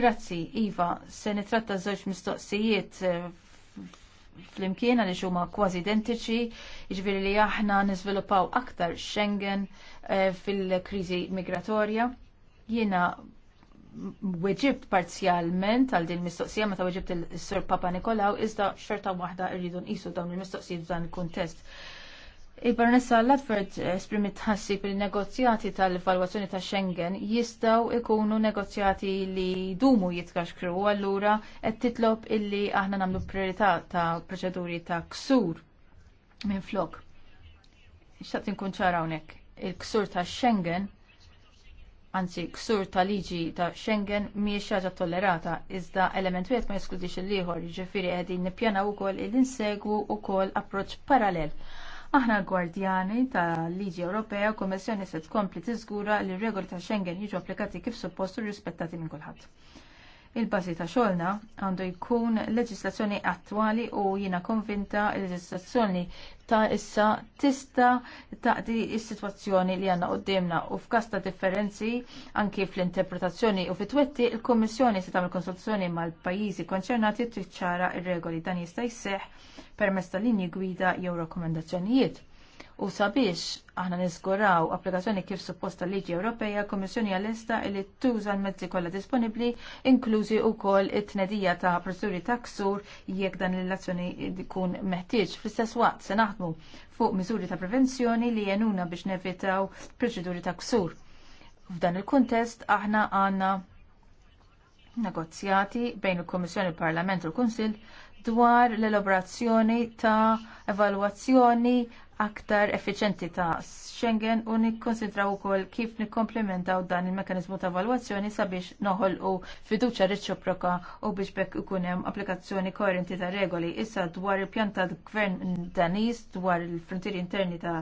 Grazzi, Iva, se nitratta żewġ mistoqsijiet eh, flimkien għaliex huma kważi identiċi, jiġifieri li aħna nizvilupaw aktar Schengen eh, fil-kriżi migratorja. Jiena weġibt parzjalment għal din mistoqsija meta weġibt il-Sur Papa Nikolaw iżda xorta waħda rridu nqisu dawn il-mistoqsijiet f'dan il-kuntest. il mistoqsija f'dan il kontest fdan il kuntest Il-Baronessa Latford esprimit tħassib li negozjati tal-valwazzjoni ta' Schengen jistaw ikunu negozjati li dumu jitkaxkru allura qed titlob illi aħna nagħmlu priorità ta' proċeduri ta' ksur minn flok. Xtaqt inkun ċara hawnhekk. Il-ksur ta' Schengen anzi ksur ta' liġi ta' Schengen mhijiex ħaġa tollerata, iżda element wieħed ma jeskludix il-ieħor, jiġifieri qegħdin nippjanaw ukoll il-insegwu ukoll approċċ parallel Aħna gwardjani tal liġi Ewropea u Kommissjoni se tkompli tiżgura li r-regoli ta' Schengen jiġu applikati kif suppostu rispettati minn kulħadd. Il-bażi ta' xogħolna għandu jkun leġislazzjoni attwali u jiena konvinta l-leġislazzjoni ta' issa tista taqdi s-sitwazzjoni li għandna għoddimna u f'każ ta' differenzi anki fl-interpretazzjoni u fit-twetti il kummissjoni se tagħmel konsultazzjoni mal-pajjiżi konċernati tiċċara r regoli dan jista' jseħħ permezz tal-linji gwida jew rakkomandazzjonijiet. U sabiex aħna niżguraw applikazzjoni kif supposta liġi Ewropeja, Kommissjoni għal-lista li tuża l-mezzi kollha disponibbli, inklużi wkoll it-tnedija ta' proċeduri ta' ksur jekk dan l-azzjoni ikun meħtieġ. Fl-istess waqt se naħdmu fuq miżuri ta' prevenzjoni li jenuna biex nevitaw proċeduri ta' ksur. F'dan il-kuntest aħna għandna negozjati bejn il-Kommissjoni, il-Parlament u l-Kunsill dwar l-elaborazzjoni ta' evalwazzjoni aktar effiċenti ta' Schengen u nikkonsidraw ukoll kif nikkomplementaw dan il-mekanizmu ta' valwazzjoni sabiex noħolqu fiduċja reċiproka u biex bekk ikun hemm applikazzjoni koerenti ta' regoli. Issa dwar il-pjan gvern Daniż dwar il-frontieri interni ta'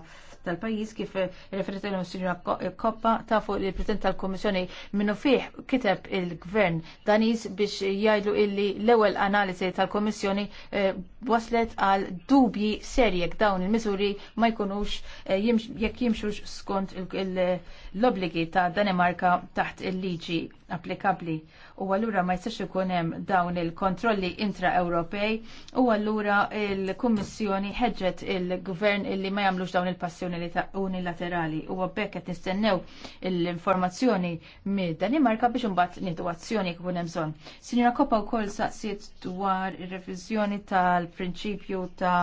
tal-pajjiż kif referita l sinjura eh, Koppa ta' fuq il-President tal komissjoni minnu fiħ kiteb il-Gvern Danis biex jgħidu illi l-ewwel analiżi tal komissjoni eh, waslet għal dubji serjek dawn il-miżuri ma jkunux eh, jekk jimxux skont l-obligi ta' Danimarka taħt il-liġi applikabli. U allura ma jistax ikun hemm dawn il-kontrolli intra-Ewropej u allura il-Kummissjoni ħeġġet il-Gvern illi ma jagħmlux dawn il-passjoni unilaterali u bekk qed nistennew l-informazzjoni mid-Danimarka biex imbagħad nieħdu azzjoni jkun hemm bżonn. Sinjora Koppa wkoll saqsiet dwar ir-reviżjoni tal-prinċipju ta'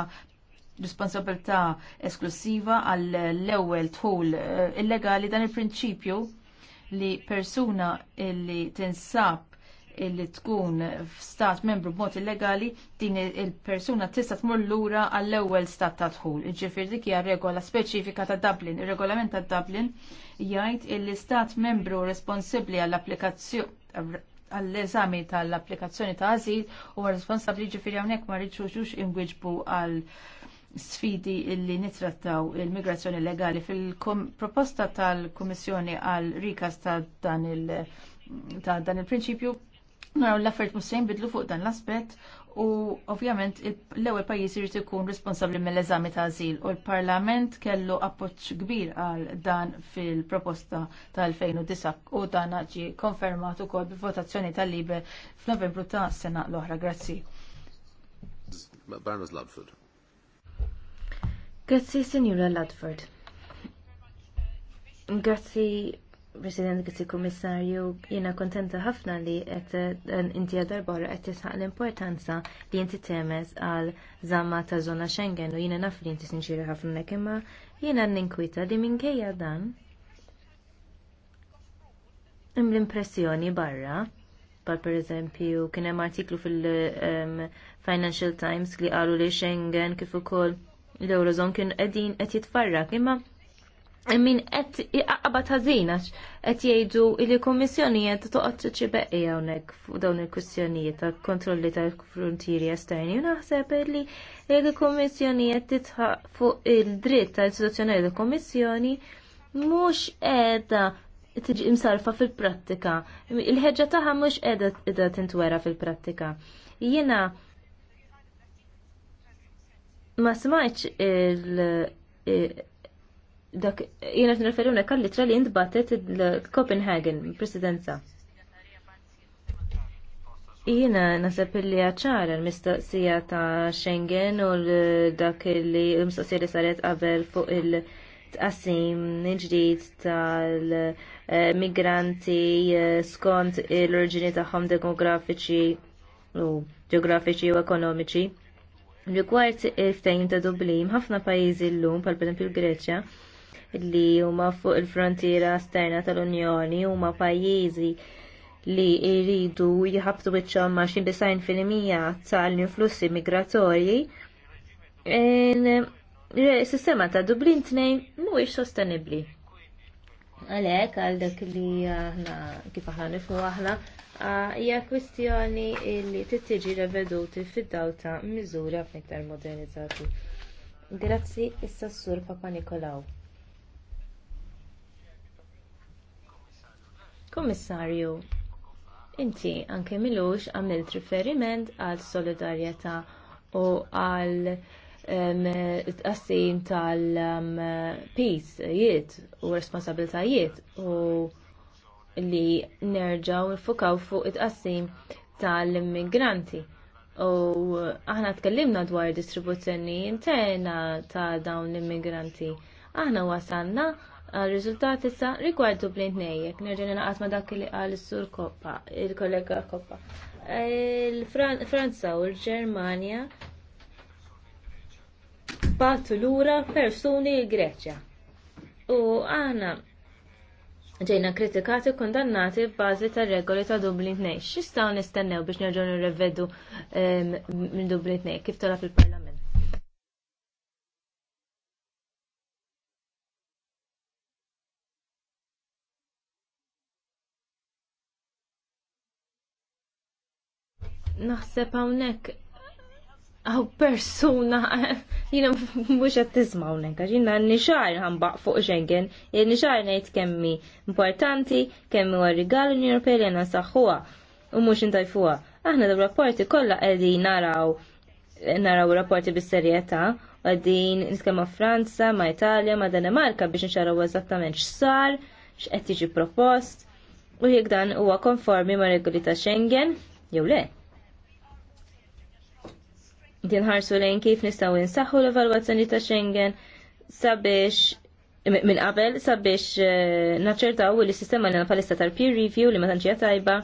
responsabilità esklusiva għall-ewwel tħul eh, illegali dan il-prinċipju li persuna li tinsab illi tkun f'stat membru b'mod illegali din il-persuna tista' tmur lura għall-ewwel stat ta' dħul. Iġifier dik hija regola speċifika ta' Dublin. Ir-regolament ta' Dublin jgħid illi stat membru responsibbli għall-applikazzjoni għall-eżami tal-applikazzjoni ta' għazil u responsabbli ġifiri hawnhekk ma rridxux ingwiġbu -għal sfidi illi nitrattaw il-migrazzjoni legali fil-proposta tal-Kummissjoni għal rikas ta' dan il-prinċipju naraw l-affert mussejn bidlu fuq dan l-aspet u ovvjament l-ewwel pajis irid ikun responsabbli mill-eżami ta' ażil u l-Parlament kellu appoġġ kbir għal dan fil-proposta ta' 2009 u dan ġie konfermat ukoll b'votazzjoni tal-Libe f'Novembru ta' sena l-oħra. Grazzi. Barnes Ludford. Grazzi, Signora Ladford. Grazzi, President, grazzi Kommissarju. Jena kontenta ħafna li qed eh, inti darbora qed tisħaq l-importanza li inti temes għal zamma ta' zona Schengen u jiena naf li inti sinċiri ħafna imma jiena ninkwita li minkejja dan Im l-impressjoni barra, par per eżempju, kien hemm artiklu fil-Financial ehm, Times li qalu li Schengen kif ukoll l-Eurozon kien qegħdin qed jitfarrak imma min qed iqaqbad ħażina qed jgħidu li kummissjoni qed toqgħod tiċċibeqi hawnhekk fuq dawn il-kwistjonijiet tal-kontrolli tal-frontieri esterni u naħseb li jekk il-kummissjoni qed titħaq fuq il-dritt tal-istituzzjonali tal-kummissjoni mhux qiegħda tiġi imsarfa fil-prattika. Il-ħeġġa tagħha mhux qiegħda tintwera fil-prattika. Jiena ma smajċ il- dak jena t-referuna kallitra li jindbatet il-Copenhagen, presidenza. Jena nasab li għacħar il-mistoqsija ta' Schengen u dak li l mistoqsija li saret qabel fuq il- tqassim ġdid tal-migranti skont l-orġini tagħhom demografiċi u ġeografiċi u ekonomiċi Rigward il-ftajn ta' Dublin, ħafna pajjiżi llum, pal pereżempju il greċja li huma fuq il-frontiera esterna tal-Unjoni huma pajjiżi li jridu jħabtu biċċhom ma' xi design fil-mija tal-influssi migratorji. Sistema ta' Dublin tnejn mhuwiex sostenibbli. Għalhekk għal dak li aħna kif aħna nifu aħna Ah, hija kwistjoni li tiġi reveduti fid dawta ta' miżuri f'iktar modernizzati. Grazzi issa sur Papa Nikolaw. Komissarju, inti anke milux għamilt riferiment għal solidarjetà u għal għassin tal-peace jiet u responsabiltajiet u li nerġaw nfukaw fuq it-qassim tal-immigranti. U aħna tkellimna dwar distribuzzjoni interna ta' dawn l-immigranti. Aħna wasanna għal rizultat issa rikwardu blint nejjek. Nerġan naqas ma dak li għal sur koppa, il-kollega koppa. Il-Franza u l-Ġermanja l lura persuni l-Greċja. U aħna ġejna kritikati u kondannati b'bażi tar regoli ta' Dublin 2. X'istgħu nistennew biex nerġgħu nirrevedu ehm, minn Dublin 2 kif tola fil-Parlament? Naħseb hawnhekk għaw persuna jina mux għat tismaw nekax, għax jina nixar ħambaq fuq Schengen, nixar nejt kemmi importanti, kemmi għar rigal n-Europej li għanna saħħuwa, u mux intajfuwa. Aħna daw rapporti kolla għedi naraw, naraw rapporti bis-serjeta, għaddin niskema' Franza, ma' Italja, ma' Danemarka biex nxaraw eżattament x'sar, x'qed tiġi propost, u jekk dan huwa konformi ma' regoli ta' Schengen, jew le din ħarsu lejn kif nistgħu insaħħu l-evalwazzjoni ta' Schengen sabiex minn qabel sabiex eh, naċċertaw li s-sistema li nafalista tal-peer review li ma tantx tajba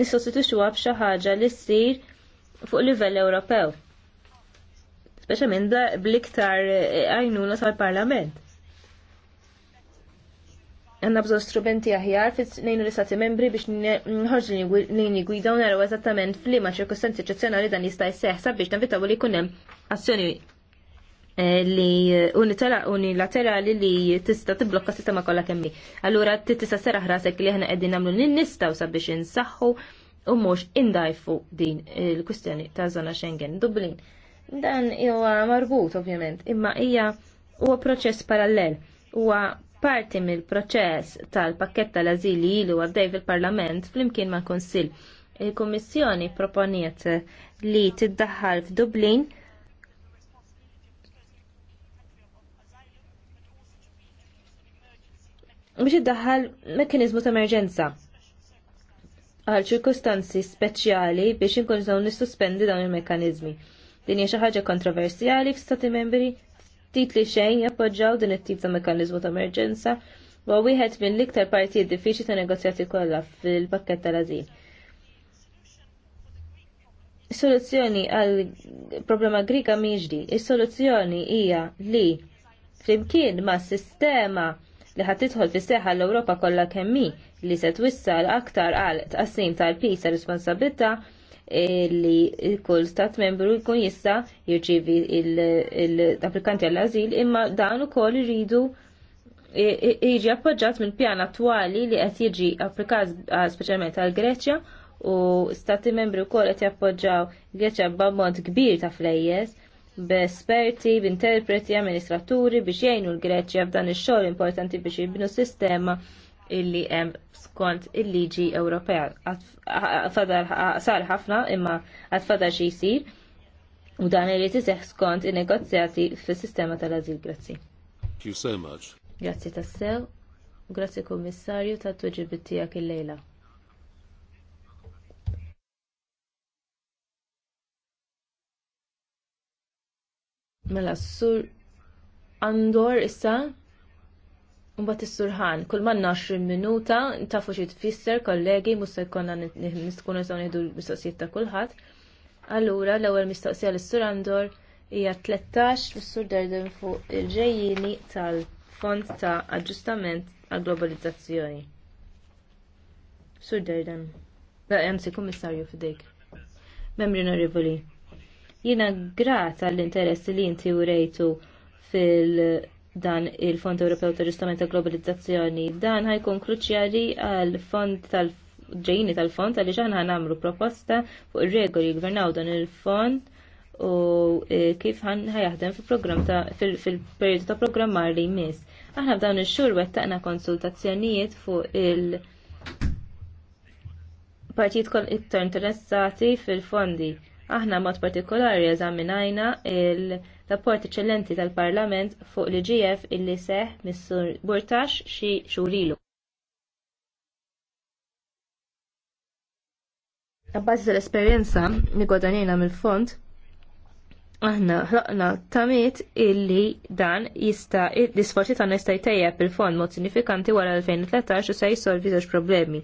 nissostitwixuha b'xi ħaġa li ssir fuq livell Ewropew. Speċjalment bl-iktar eh, għajnuna tal-Parlament għanna bżon strumenti aħjar fit nejnu l-istati membri biex nħarġu l-lini gwida u naraw eżattament f'liema ċirkostanzi eċezzjonali dan jista' jseħħ sabiex navitaw li kunem azzjoni eh, li unilaterali li tista tibblokka sistema kollha kemmi. Allura tista' sera ħrasek li għeddin qegħdin nagħmlu nistaw sabiex insaħħu u mhux indajfu din il-kwistjoni ta' żona Schengen Dublin. Dan huwa marbut ovvjament, imma hija huwa proċess parallel huwa parti mill-proċess tal-pakket tal-azili ilu għaddej fil-Parlament flimkien mal kunsill Il-Kummissjoni proponiet li tiddaħħal f'Dublin biex iddaħħal mekkaniżmu ta' emerġenza għal ċirkustanzi speċjali biex inkun nistgħu nissuspendi dawn il-mekkaniżmi. Din hija xi ħaġa kontroversjali f'stati membri ftit li xejn jappoġġaw din it-tip ta' mekanizmu ta' emerġenza u wieħed mill-iktar partijiet diffiċli ta' negozjati kollha fil-pakket tal-azil. Soluzzjoni għal problema Griga miġdi, is-soluzzjoni hija li flimkien ma' sistema li ħat tidħol fis seħħa l-Ewropa kollha kemmi li se twissal aktar għal tqassim tal pisa ta' responsabilità li kull stat membru jkun jista jirċivi l-applikanti għall-azil imma dan ukoll iridu jiġi appoġġat minn pjan attwali li qed jiġi applikat speċjalment għal Greċja u stati membri wkoll qed jappoġġaw Greċja b'ammont kbir ta' flejjes b'esperti, b'interpreti, amministraturi biex jgħinu l-Greċja f'dan ix-xogħol importanti biex jibnu sistema illi hemm skont il-liġi Ewropea. Sar ħafna imma għatfadar xi jsir u dan irid iseħħ skont in-negozjati fis-sistema tal-Ażil. Grazzi. Thank you so much. Grazzi tassew. Grazzi kummissarju ta' tuġibit tiegħek il-lejla. Mela, sur Andor issa Mbagħad is-surħan, kull ma 20 minuta, tafu xi tfisser kollegi mhux se jkollna niskunu ngħidu l mistoqsijiet ta' kulħadd. Allura l-ewwel mistoqsija l sur Andor hija 13 mis-sur Darden fuq il-ġejjini tal-Fond ta' Aġġustament għall Globalizzazzjoni. Sur Darden. Eh, anzi, kummissarju f'dik. Membri onorevoli. Jiena grata l-interess li inti urejtu fil- dan il-Fond Ewropew ta' Ġustament ta' Globalizzazzjoni. Dan ħajkun kruċjali għal fond tal ġejni tal-fond għaliex aħna nagħmlu proposta fuq ir-regoli għvernaw dan il-fond u e, kif ħajaħdem fil-programm ta' fil-periodu ta' programmar li jmiss. Aħna f'dawn ix-xhur wettaqna konsultazzjonijiet fuq il- partijiet kol iktar interessati fil-fondi Aħna mod partikolari eżaminajna il-rapport eċċellenti tal-Parlament fuq li ġiev illi seħ missur Burtax xi xurilu. Għabbażi tal-esperienza li għodanina mill-fond, aħna ħlaqna tamiet illi dan jista l-isforzi tagħna jista' jtejjeb il-fond mod sinifikanti wara 2013 u se jsolvi żewġ problemi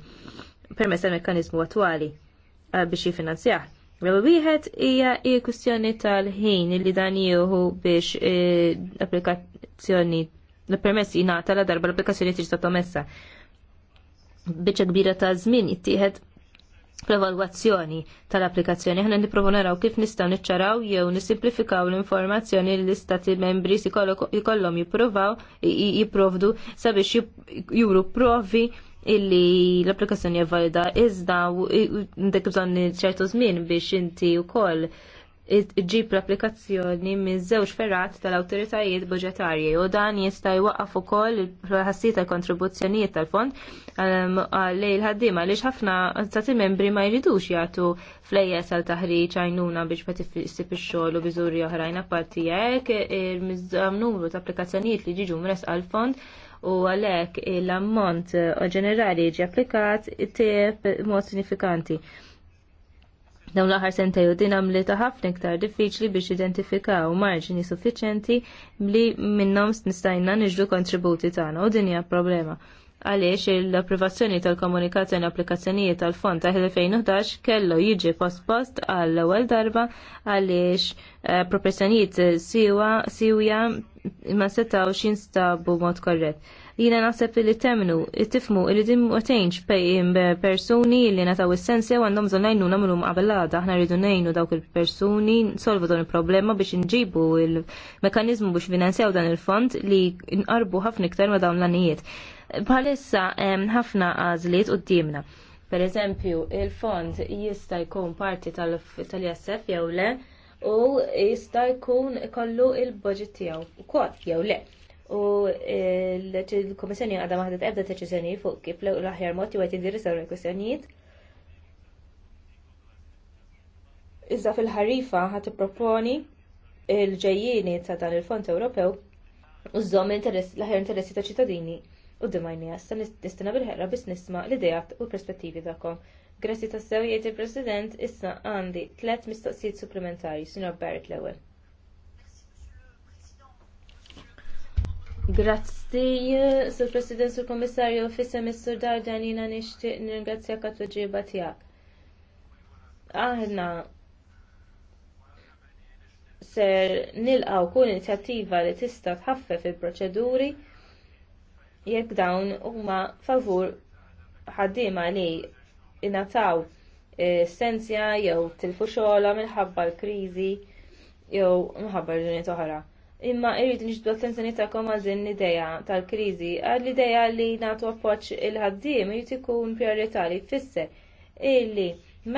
permezz tal mekkanizmu attwali eh, biex jifinanzjah Rabi wieħed hija kwistjoni tal-ħin li dan jieħu biex l e, applikazzjoni l permessi jingħata la darba l-applikazzjoni tiġi tomessa. Biċċa kbira ta' żmien ittieħed l-evalwazzjoni tal-applikazzjoni. aħna nipprovu naraw kif nistgħu niċċaraw jew nisimplifikaw l-informazzjoni li l-istati membri jkollhom jippruvaw jipprovdu sabiex juru provi illi l-applikazzjoni hija valida iżda ndek bżonn ċertu żmien biex inti wkoll ġib l-applikazzjoni minn żewġ ferrat tal-awtoritajiet budġetarji u dan jista' jwaqaf ukoll il ħassi tal-kontribuzzjonijiet tal-fond ehm, għalli l-ħaddiema għaliex ħafna stati membri ma jridux jagħtu flejjes għal taħriġ għajnuna biex ma tisib ix-xogħol u biżuri oħrajn apparti hekk il-miżżam ta' applikazzjonijiet li ġiġu mres għal-fond u għalhekk l-ammont u eh, ġenerali ġi applikat tieb mod sinifikanti. Dawn l-aħħar sentej u din għamlita ħafna iktar diffiċli biex identifikaw marġini suffiċenti li minnhom nistajna niġdu kontributi tagħna u din hija problema għaliex il-privazzjoni tal-komunikazzjoni applikazzjonijiet tal-fond ta' 2011 kellu jiġi post-post għall ewwel darba għaliex eh, proporzjonijiet siwja imma sta bu mod korret. Jina naħseb li temnu, tifmu, li dim għatenx personi li nataw il-sensi u għandhom zon najnu namlu maqbellada, ħna rridu nejnu dawk il-personi, solvu dan il-problema biex nġibu il-mekanizmu biex finanzjaw dan il-fond li nqarbu ħafna iktar ma dawn l-anijiet. Bħalissa ħafna għazliet u d-dimna. Per eżempju, il-fond jista jkun parti tal-ISF jew le, u jista' jkun kollu il-budget tiegħu ukoll jew le. U l-Komissjoni għadha maħdet ebda deċiżjoni fuq kif l-aħjar mod jew qed jindirizzaw il-kwistjonijiet. Iżda fil-ħarifa ħat proponi il ġejjini ta' dan il-Fond Ewropew u żżomm l-aħjar interessi ta' ċittadini u d-dimajni għasta nistina bil-ħerra bis nisma l-idejat u l-perspettivi dakom. Grazzi ta' sew jgħid il-President issa għandi tlet mistoqsijiet supplementari, Sinor Barrett l-ewwel. Grazzi, Sur President, Sur Kommissarju, Fissa Mr. Dardanina, nishti n-ringrazzja katu ġiba tiegħek. Aħna ser nilqaw kull inizjattiva li tista' tħaffef il-proċeduri jekk dawn huma favur ħaddiema li ingħataw eh, essenzja jew tilfu xogħla minħabba l-kriżi jew minħabba raġunijiet oħra. Imma irrid nġibdu attenzjoni tagħkom għal din l-idea tal-kriżi, għal l-idea li nagħtu appoġġ il-ħaddiem irid ikun prijorità li jfisser illi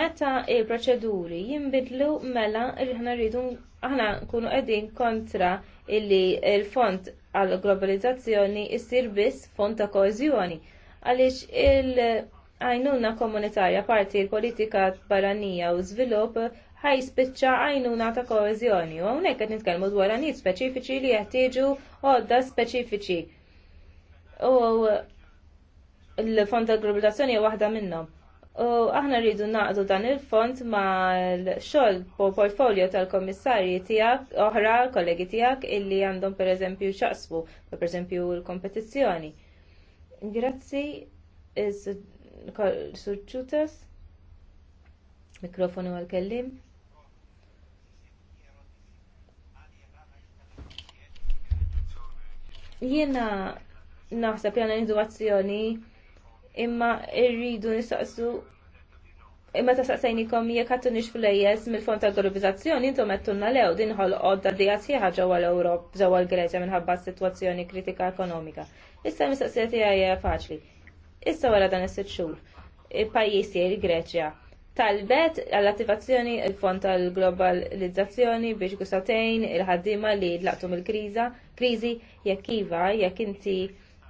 meta l proċeduri jinbidlu mela aħna rridu aħna nkunu qegħdin kontra illi il-fond għall globalizzazzjoni issir biss fond ta' koeżjoni għaliex il-għajnuna komunitarja parti l-politika barranija u żvilupp ħaj spiċċa għajnuna ta' koeżjoni u hawnhekk qed nitkellmu dwar għanijiet speċifiċi li jeħtieġu għodda speċifiċi. U l-fond tal-globalizzazzjoni hija waħda minnhom. U aħna rridu naqdu dan il-font mal xol po portfolio tal-komissarji tijak, oħra, kollegi tijak, illi għandhom per eżempju xaqsbu, per eżempju l-kompetizjoni. Grazzi, surċutas, mikrofonu għal-kellim. Jena naħseb jana azzjoni imma rridu nistaqsu imma ta' saqsajnikom jekk għattu nix ejjes mill-fond ta' globalizzazzjoni intom għattunna lew din ħol għodda di għasħiħa ġewwa l-Ewrop ġewwa l-Greċja minħabba s-sitwazzjoni kritika ekonomika. Issa mistaqsijati għajja faċli. Issa wara dan is-sitt xhur pajjiżi l-Greċja talbet għall-attivazzjoni il-fond tal-globalizzazzjoni biex gusatejn il-ħaddima li laqtu il kriża kriżi jekk iva, jekk inti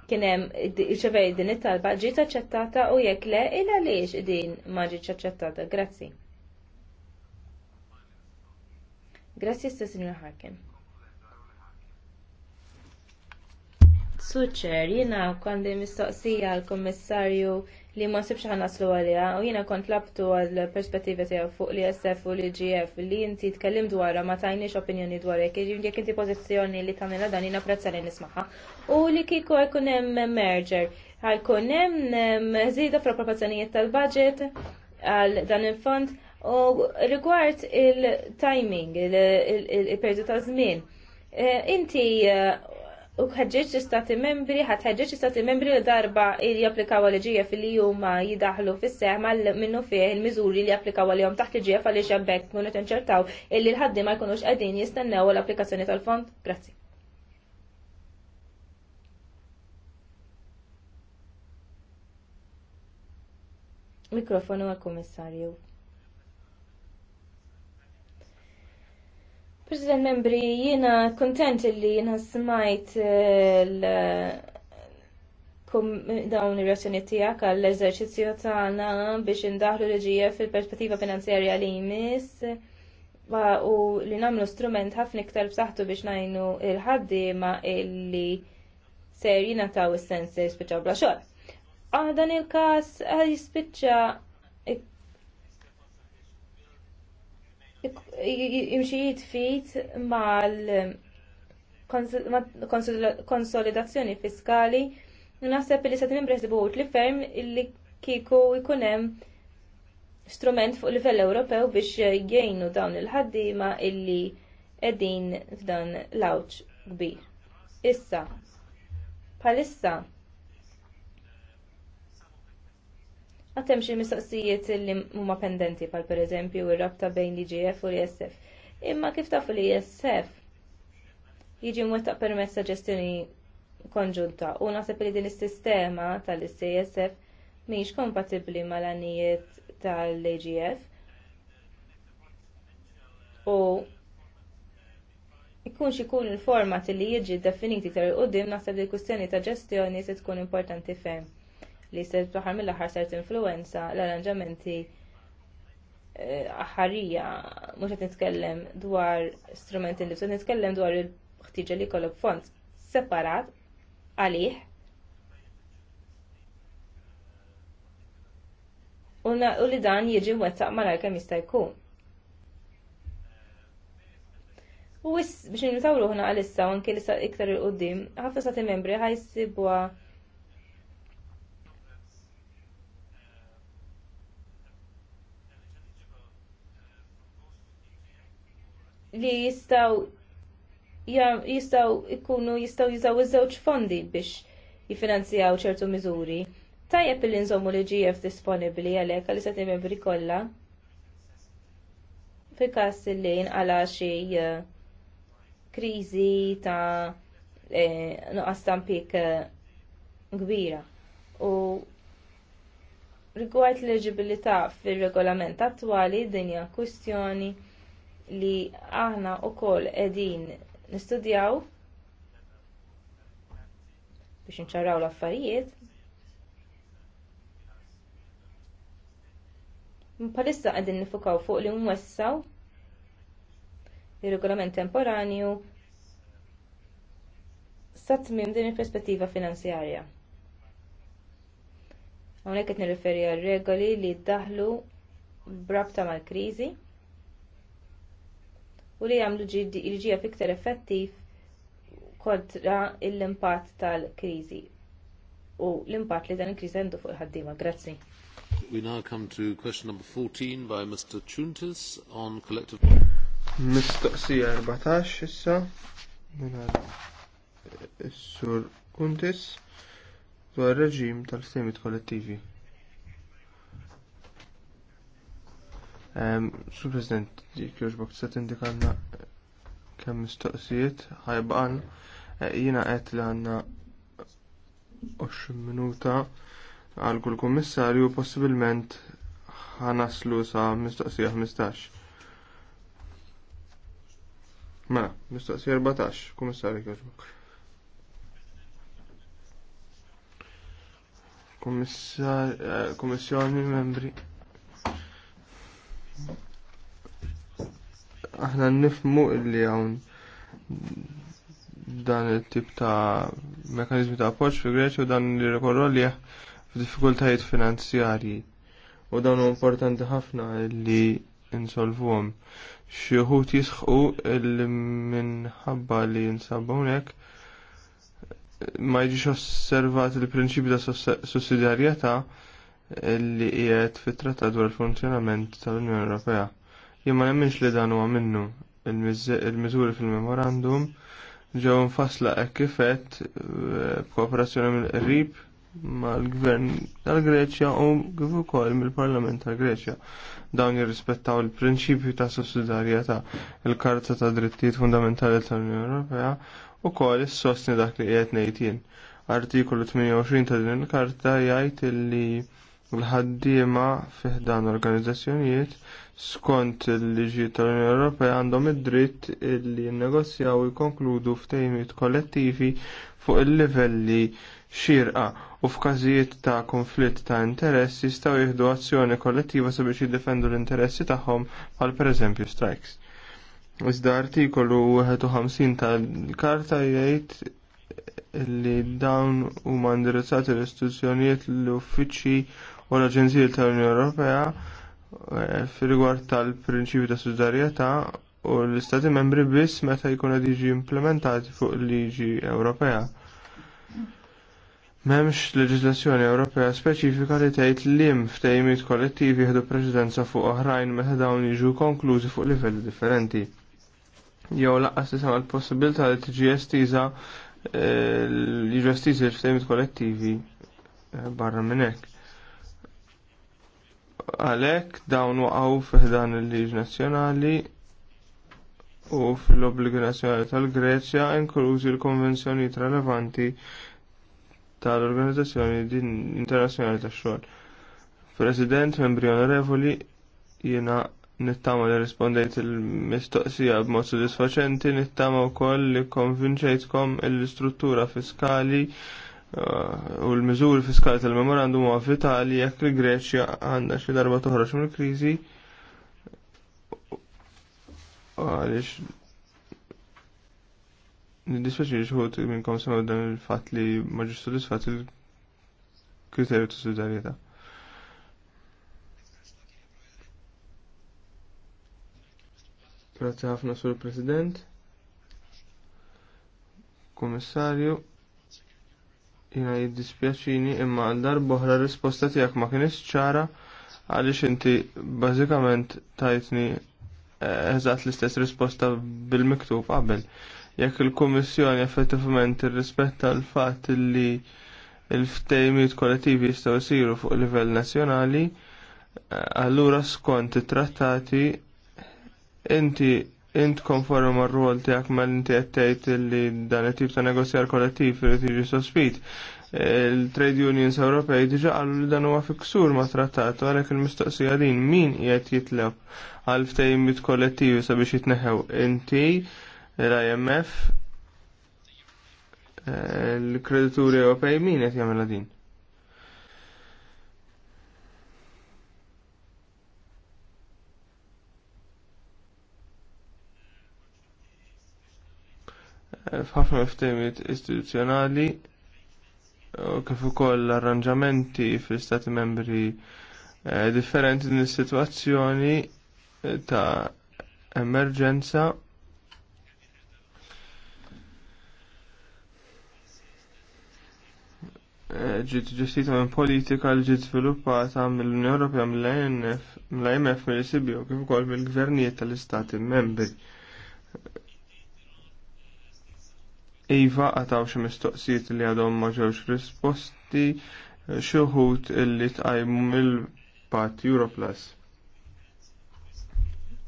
kien hemm irċevej din it-talba ġiet aċċettata u jekk le il għaliex din ma ġietx aċċettata. Grazzi. Grazzi sta sinjur Harkin. Suċer, jiena għandi mistoqsija għal kummissarju li ma nsibx ħan għaliha u jiena kont labtu għal perspettivi tiegħu fuq li SF u li GF li inti tkellim dwarha ma tajniex opinjoni dwar hekk jekk inti pożizzjoni li tagħmilha dan jiena prezza li nismaħħa u li kieku jkun hemm merger ħajkun hemm żieda fil-proporzjonijiet tal-budget għal dan il-fond u rigward il-timing, il-perdu ta' żmien. Inti u ħedġeċ l-istati membri, ħatħedġeċ l-istati membri li darba li japplikaw għal-ġija fil-li juma jidaħlu fil l minnu fieħ il-mizuri li japplikaw għal-jom taħt l ġija fil-li xabbek kunu tenċertaw illi l-ħaddi ma jkunux għadin jistennew l-applikazzjoni tal-fond. Grazzi. Mikrofonu għal-komissarju. President membri, jiena kontent li jiena smajt eh, dawn ir-reazzjoni tiegħek għall eżerċizzju tagħna biex indaħlu l-ġija fil-perspettiva finanzjarja li jmiss u li nagħmlu strument ħafna iktar b'saħħtu biex ngħinu il-ħaddiema illi ser jingħataw is-sens jispiċċaw bla xogħol. Ah, dan il-każ eh, jispiċċa jimxi jitfit mal konsolidazzjoni fiskali naħseb li se timbres li ferm li kieku jkun hemm strument fuq livell Ewropew biex jgħinu dawn il-ħaddiema illi qegħdin f'dan l-awċ kbir. Issa, bħalissa Għatem xie mistoqsijiet li huma pendenti pal per eżempju ir-rabta bejn l-IGF u l-ISF. Imma kif tafu l-ISF jiġi mwettaq permessa ġestjoni konġunta u naħseb li din is-sistema tal-ISF mhijiex kompatibbli mal-għanijiet tal-AGF u ikkunx ikun il-format li jiġi definiti tar il-qudiem naħseb li kustjoni ta' ġestjoni se tkun importanti fejn li se fl-aħħar mill-aħħar se tinfluwenza l-arranġamenti eh, aħħarija mhux qed nitkellem dwar strumenti li se nitkellem dwar il-ħtiġa li jkollok fond separat għalih u li dan jiġi mwettaq malar kemm jista' jkun. U wis biex nitawru ħna għalissa u l li iktar il-qoddim, ħafna stati membri ħajsibwa li jistaw jistaw ikunu jistaw jizaw iż-żewġ fondi biex jifinanzjaw ċertu miżuri. Tajjeb li nżommu li GF disponibli għalhekk għal istati membri kollha. Fi każ li nqala xi eh, kriżi ta' eh, nuqqas tampik eh, kbira. U rigward l-eġibilità fir regolament attwali din hija kwistjoni li aħna wkoll qegħdin nistudjaw biex nċaraw l-affarijiet. Palissa qegħdin nifukaw fuq li mwessaw il-regolament temporanju sa tmiem din il-perspettiva finanzjarja. Hawnhekk qed nirreferi għal regoli li ddaħlu brabta mal-kriżi u li jagħmlu il ġija iktar effettiv kontra l-impatt tal-kriżi u l-impatt li dan il-kriżi għandu fuq il-ħaddiema. Grazzi. We now come to question number 14 by Mr. Chuntis on collective... Mistoqsija 14 issa minar mela, sur Kuntis dwar reġim tal-sistemi kollettivi. Sur President, kjoġ bok set indikanna eh, kemm mistoqsijiet ħajbaqan eh, jina qed li għandna 20 minuta għal kull kummissarju possibilment ħanaslu sa mistoqsija 15. Mela, mistoqsija 14, kummissarju kjoġbok. Eh, kummissjoni membri aħna nifmu li hawn dan il-tip ta' mekanizmi ta' appoġġ fi Greċja u dan li rikorrolli f'diffikultajiet finanzjarji. U dawn hu importanti ħafna li insolvuhom. Xi wħud jisħqu li minħabba li jinsabu ma jiġix osservat il-prinċipju ta' sussidjarjetà li qiegħed fit-trattat dwar il-funzjonament tal-Unjoni Ewropea. Jien ma nemminx li dan huwa minnu il-miżuri fil-memorandum ġew nfassla hekk kif għedt eh, b'kooperazzjoni mill-qrib mal-gvern tal-Greċja u kif ukoll mill-Parlament tal-Greċja. Dawn jirrispettaw il-prinċipju ta' sussidjarjetà, il-Karta ta' Drittijiet Fundamentali tal-Unjoni Ewropea u koll is-sostni dak li qiegħed ngħid Artikolu 28 ta' din il-karta jgħid li u l-ħaddiema l organizzazzjonijiet skont il-liġi tal-Unjoni Ewropea għandhom id-dritt li jinnegozjaw u jkonkludu ftehimiet kollettivi fuq il-livelli xirqa u f'każijiet ta' konflitt ta' interess jistgħu jieħdu azzjoni kollettiva sabiex jiddefendu l-interessi tagħhom bħal pereżempju strikes. Iżda artikolu 51 tal-karta jgħid li dawn huma indirizzati l-istituzzjonijiet l-uffiċċji u l-Aġenzija tal-Unjoni Ewropea eh, fir-rigward tal-prinċipju ta' sussidjarjetà u l-Istati membri biss meta jkun qed jiġi implementati fuq liġi Ewropea. M'hemmx leġiżlazzjoni Ewropea speċifika li tgħid liem ftehimiet kollettivi jieħdu preċedenza fuq oħrajn meta dawn jiġu konklużi fuq livelli differenti. Jew laqqas tisema l-possibilità li tiġi estiża l-ġustiz eh, l ftehimiet kollettivi eh, barra minn hekk. Għalek dawn waqgħu fiħdan il-liġ nazzjonali u fl obbligi nazzjonali tal-Greċja inklużi l-konvenzjoni relevanti tal-Organizzazzjoni Internazzjonali tax-Xogħol. President, membri onorevoli, jiena nittama li rispondejt il-mistoqsija b'mod sodisfaċenti, nittama wkoll li konvinċejtkom l-istruttura fiskali u l-miżuri fiskali tal-memorandum huwa vitali jekk li greċja għandha xi darba toħroġ mill-kriżi nid Nidisfaċi li xħut minnkom sema dan il-fat li maġġu soddisfat il-kriterju ta' solidarieta. Grazie ħafna sur President, Kommissarju. Jina jiddispjaċini imma għal darboħra risposta tijak ma kienx ċara għalix inti bazikament tajtni eh, eżat l-istess risposta bil-miktub qabel. Jekk il-Kummissjoni effettivament irrispetta l-fatt li il-ftejmiet kollettivi jistgħu jsiru fuq livell nazzjonali, eh, allura skont it-trattati inti int konforru r rol tiegħek mal-inti għattajt li dan it-tip ta' negozjar kollettiv irid jiġi sospit. Il-trade unions Ewropej diġa qalu li dan huwa fiksur ma' trattat għalek il-mistoqsija din min qiegħed jitleb għal ftejmit kollettivi sabiex jitneħew inti l-IMF eh, l-kredituri Ewropej min qed jagħmilha din. f'ħafna ftehimiet istituzzjonali kif ukoll arranġamenti fl-Stati membri eh, differenti din is-sitwazzjoni eh, ta' emerġenza eh, ġiet ġestita minn politika li ġiet sviluppata mill-Unjoni Ewropea mill-IMF mill-ICB u kif ukoll mill-gvernijiet tal-istati membri. Iva għataw xi mistoqsijiet li għadhom ma ġewx risposti eh, xi wħud illi tqajmu mill-Pat Europlus.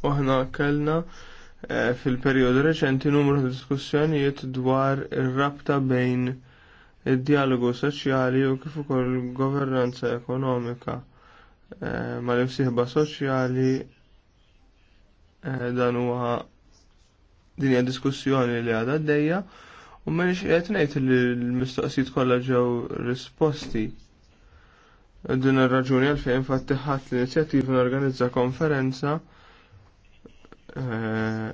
Oħna kellna eh, fil-perjodu reċenti numru ta' diskussjonijiet dwar ir-rabta bejn id-dialogu soċjali u kif ukoll governanza ekonomika eh, mal-imsieħba soċjali dan huwa din hija diskussjoni li għadha għaddejja U menix qed ngħid li l-mistoqsijiet kollha ġew risposti. Din ir-raġuni għalfejn infatti ħadd l-inizjattiva norganizza konferenza eh,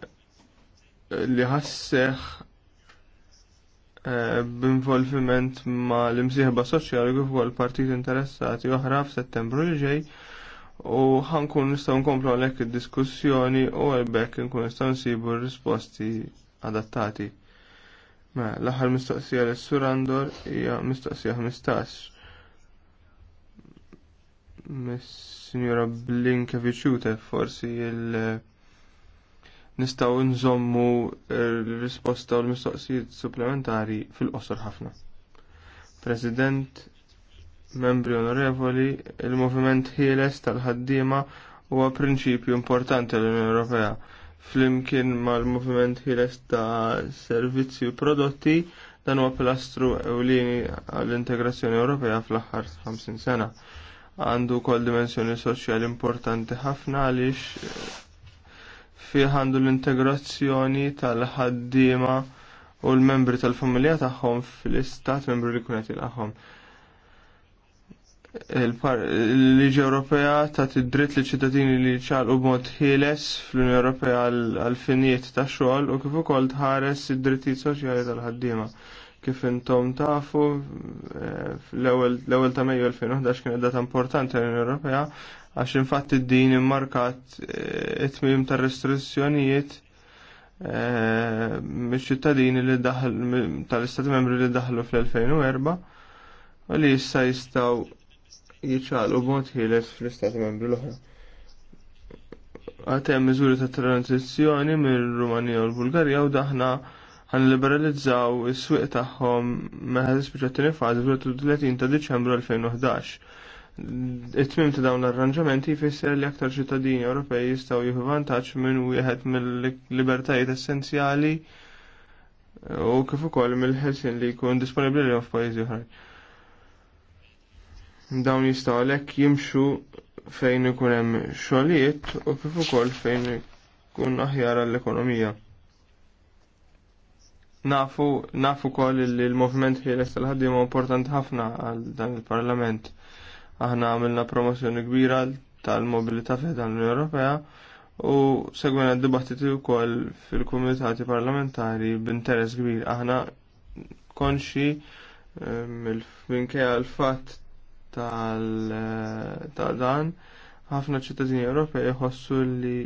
li ħasseħ eh, b'involviment ma l-imsieħba soċjali kif ukoll partit interessati oħra f'Settembru li ġej u ħankun nistgħu nkomplu għalhekk id-diskussjoni u għalbek nkun nistgħu nsibu r-risposti adattati. Ma, mela, l-aħħar mistoqsija li surandor hija mistoqsija 15. Mis-Sinjora Blinkeviċute forsi il nistaw nżommu l-risposta u l-mistoqsijiet supplementari fil-qosor ħafna. President, membri onorevoli, il-moviment ħieles tal-ħaddiema huwa prinċipju importanti l-Unjoni Ewropea flimkien mal-movement ħiles ta' servizzi u prodotti dan huwa pilastru ewlieni għall-integrazzjoni Ewropea fl-aħħar 50 sena. Għandu kol dimensjoni soċjali importanti ħafna għaliex eh, fih għandu l-integrazzjoni tal-ħaddiema u l-membri tal-familja tagħhom fl-istat membri li kunet il-aħħom l-Liġi Ewropea ta' dritt li ċittadini li ċalqu mod ħieles fl-Unjoni Ewropea għal-finijiet ta' xogħol u kif ukoll tħares id-drittijiet soċjali tal-ħaddiema. Kif intom tafu, eh, l-ewwel ta' Mejju 2011 kienet data importanti l-Unjoni Ewropea għax infatti din immarkat eh, it-tmim ta' restrizzjonijiet eh, mix ċittadini li daħlu tal-Istati Membri li daħlu fl-2004 u li jista' jistgħu u b'mod ħieles fl-Istati Membri l-oħra. Għatem miżuri ta' transizjoni mill rumanija u l-Bulgarija u daħna għan liberalizzaw is-swieq tagħhom meħad ispiċċattini fazi fl-30 ta' Diċembru 2011. It-tmim ta' dawn l-arranġamenti jfisser li aktar ċittadini Ewropej jistgħu jieħu vantaġġ minn wieħed mill-libertajiet essenzjali u kif ukoll mill-ħelsien li jkun disponibbli lehom f'pajjiżi oħrajn Dawn jistgħu għalhekk jimxu fejn ikun hemm xogħlijiet u kif ukoll fejn ikun aħjar għall-ekonomija. Nafu, nafu kol li l-movement ħieles tal ħaddiema importanti ħafna għal dan il-Parlament. Aħna għamilna promozzjoni kbira tal-mobilità fejn dan l Ewropea u segwena d-dibattiti wkoll fil-kumitati parlamentari b'interess kbir. Aħna konxi eh, minkejja l-fatt tal-dan ħafna ċittadini Ewropej jħossu li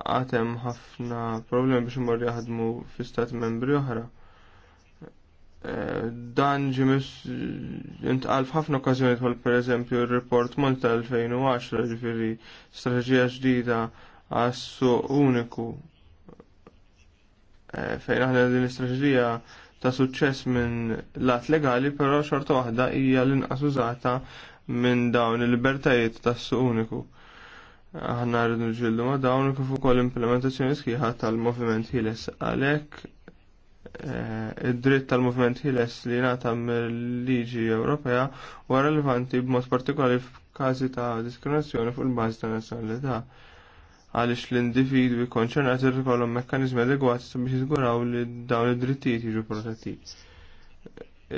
għatem ħafna problemi biex imorru jaħdmu fi stat membri oħra. Eh, dan ġimis intqal f'ħafna okkażjonijiet bħal pereżempju r-report Malta tal-2010 ġifiri strateġija ġdida għas-suq uniku eh, fejn aħna din l-istrateġija ta' suċċess minn lat legali, però xorta waħda hija l-inqas użata minn dawn il-libertajiet tas-suq uniku. Aħna rridu nġildu ma' dawn kif ukoll implementazzjoni sħiħa tal-moviment ħieles għalhekk eh, id-dritt tal-moviment ħieles li nata mill-liġi Ewropea huwa relevanti b'mod partikolari f'każi ta' diskriminazzjoni fuq il-bażi ta' nazzjonalità għaliex l-individwi konċernati irid ikollhom mekkaniżmi adegwati biex jizguraw li dawn id-drittijiet jiġu protetti.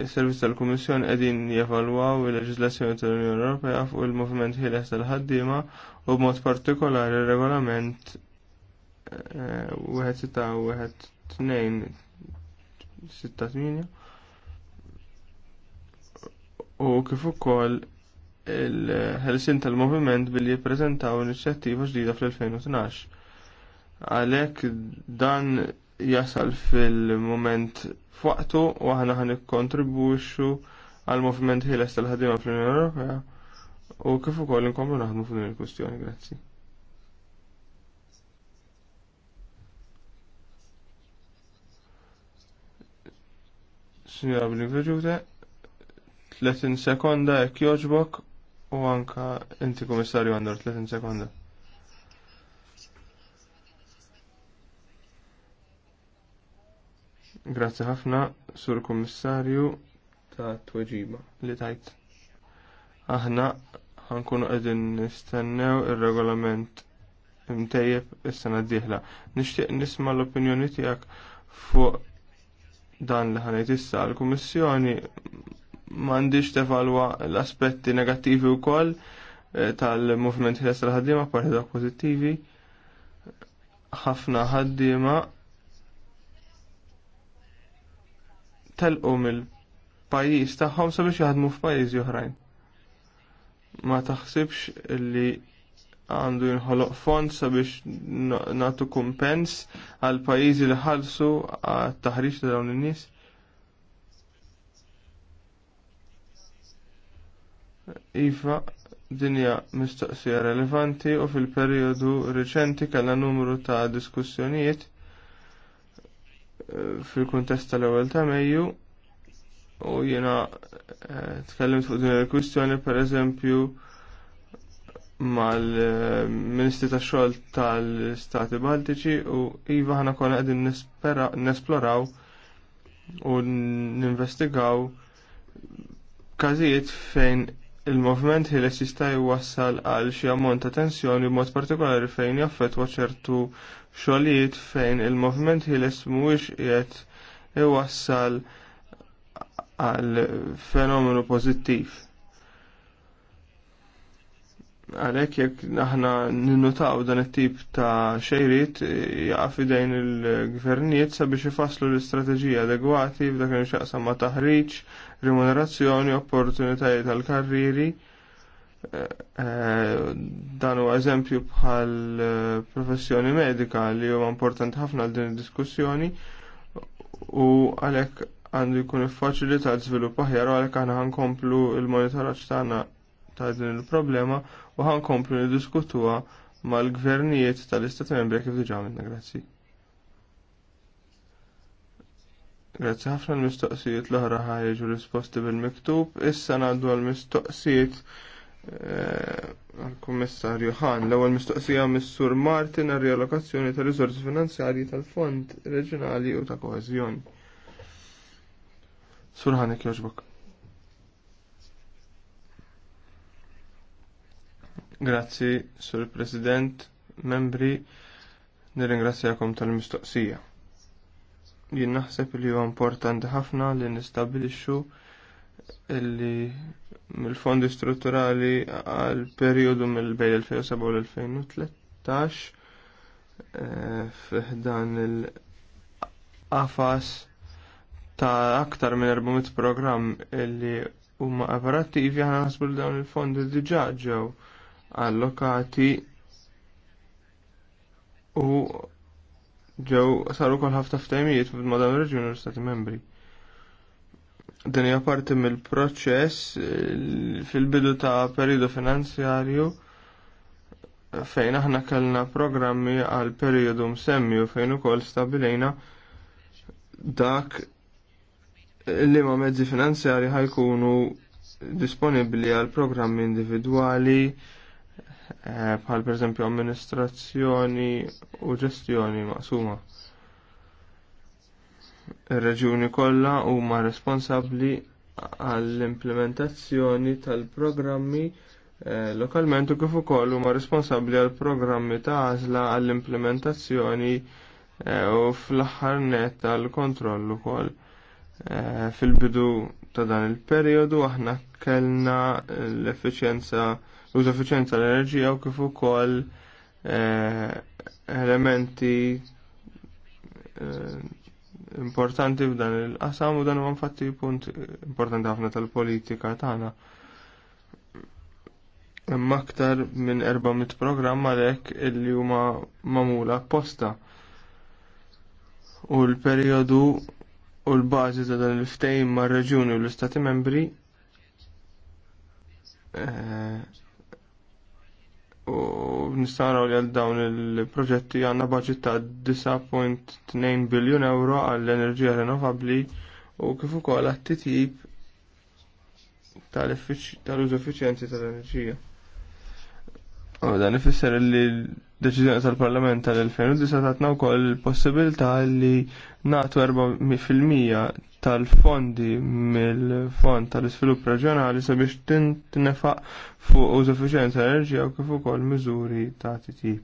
Is-servizz tal-Kummissjoni qegħdin jevalwaw il-leġiżlazzjoni tal-Unjoni Ewropea fuq il-moviment ħieles tal-ħaddiema u b'mod partikolari regolament eh, wieħed u kif ukoll il ħelsien tal-moviment billi jippreżentaw inizjattiva ġdida fl-2012. Għalhekk dan jasal fil-moment f'waqtu u aħna ħan ikkontribwixxu għal moviment ħieles tal-ħadima fl-Unjoni Ewropea u kif ukoll inkomplu naħdmu f'din il-kwistjoni, grazzi. Signora Blinverġute, 30 sekonda jekk jogħġbok u anka inti komissarju għandur 30 sekonda. Grazzi ħafna, sur komissarju ta' tweġiba li tajt. Aħna ħankunu qegħdin nistennew ir-regolament imtejjeb is-sena d-dieħla. Nixtieq nisma' l-opinjoni tiegħek fuq dan li ħanejt issa l-Kummissjoni mandiġ tevalwa l-aspetti negattivi u koll eh, tal-movement ħiles tal-ħaddima parti dak pozittivi ħafna ħaddima telqu il pajjiż tagħhom sabiex jaħdmu f'pajjiżi oħrajn. Ma taħsibx li għandu jinħoloq fond sabiex natu kumpens għal pajjiżi li ħalsu għat taħriġ ta' dawn in-nies. Iva, dinja mistoqsija relevanti u fil-periodu reċenti kellha numru ta' diskussjonijiet fil-kuntest tal-ewwel ta' Mejju u jiena tkellimt fuq din il-kwistjoni pereżempju mal-Ministri tax xogħol tal-Stati Baltiċi u iva ħana konna qegħdin nesploraw u ninvestigaw każijiet fejn il-movement ħiles jista' jwassal għal xi ammont ta' tensjoni b'mod partikolari fejn jaffettwa ċertu xogħlijiet fejn il-movement ħiles mhuwiex qiegħed iwassal għal fenomenu pożittiv. Għalhekk jekk aħna ninnutaw dan it-tip ta' xejriet jaqaf fidejn il-gvernijiet sabiex ifasslu l-istrateġija adegwati f'dak li xaqsam ma' taħriġ remunerazzjoni, opportunitajiet tal karriri eh, eh, dan huwa eżempju bħal eh, professjoni medika li huwa importanti ħafna għal din id-diskussjoni u għalhekk għandu jkun iffaċilita żvilupp aħjar u għalhekk aħna ħankomplu l-monitoraġġ tagħna ta' din il-problema u ħankomplu niddiskutuha mal-gvernijiet tal-Istati Membri kif diġà għamilna. Grazzi. Grazzi ħafna l-mistoqsijiet l-oħra ħajġu risposti bil-miktub. Issa għaddu għal-mistoqsijiet eh, għal-Kummissarju ħan. L-ewwel mistoqsija mis-Sur Martin għar-rialokazzjoni ta' riżorsi finanzjarji tal-Fond Reġjonali u ta' Koeżjoni. Sur Hanek jogħġbok. Grazzi, Sur President, membri, nirringrazzjakom tal-mistoqsija. Jien naħseb li huwa importanti ħafna li nistabilixxu li mill-fondi strutturali għal periodu mill-bejn 2007 u l-2013 eh, dan il-qafas ta' aktar minn 400 programm li huma operattivi ħana naħsbu li dawn il-fondi diġà ġew allokati u ġew saru kol ħafna ftajmijiet ma' dawn ir u l-Stati membri. Din hija parti mill-proċess eh, fil-bidu ta' periodu finanzjarju eh, fejn aħna kellna programmi għal periodu msemmi u fejn ukoll stabilejna dak li ma' mezzi finanzjari ħajkunu disponibbli għal programmi individwali Eh, bħal per esempio amministrazzjoni u ġestjoni maqsuma. Ir-reġjuni kollha huma responsabbli għall-implementazzjoni tal-programmi eh, lokalment u kif ukoll huma responsabbli għall-programmi ta' għażla għall-implementazzjoni eh, u fl-aħħar net tal-kontroll ukoll. Fil-bidu ta' dan il-perjodu aħna kellna l-effiċjenza l-użu l tal-enerġija u kif ukoll eh, elementi eh, importanti f'dan il-qasam u dan huwa infatti punt importanti ħafna tal-politika tagħna. Hemm aktar minn 400 programm għalhekk illi huma magħmula apposta. U l-perjodu u l-bażi ta' dan il-ftehim mar-reġjuni u l-istati membri eh, u nistaraw li għal dawn il-proġetti għanna budget ta' 10.2 biljun euro għall enerġija rinnovabli u kif ukoll għat-titjib tal-użu effiċjenzi tal-enerġija. U dan ifisser li deċiżjoni tal-Parlament tal-2009 tatna wkoll il-possibilità li nagħtu 4% tal-fondi mill-Fond tal-Isvilupp Reġjonali sabiex tintinefaq fuq uż effiċjenza enerġija u kif ukoll miżuri ta' titjib.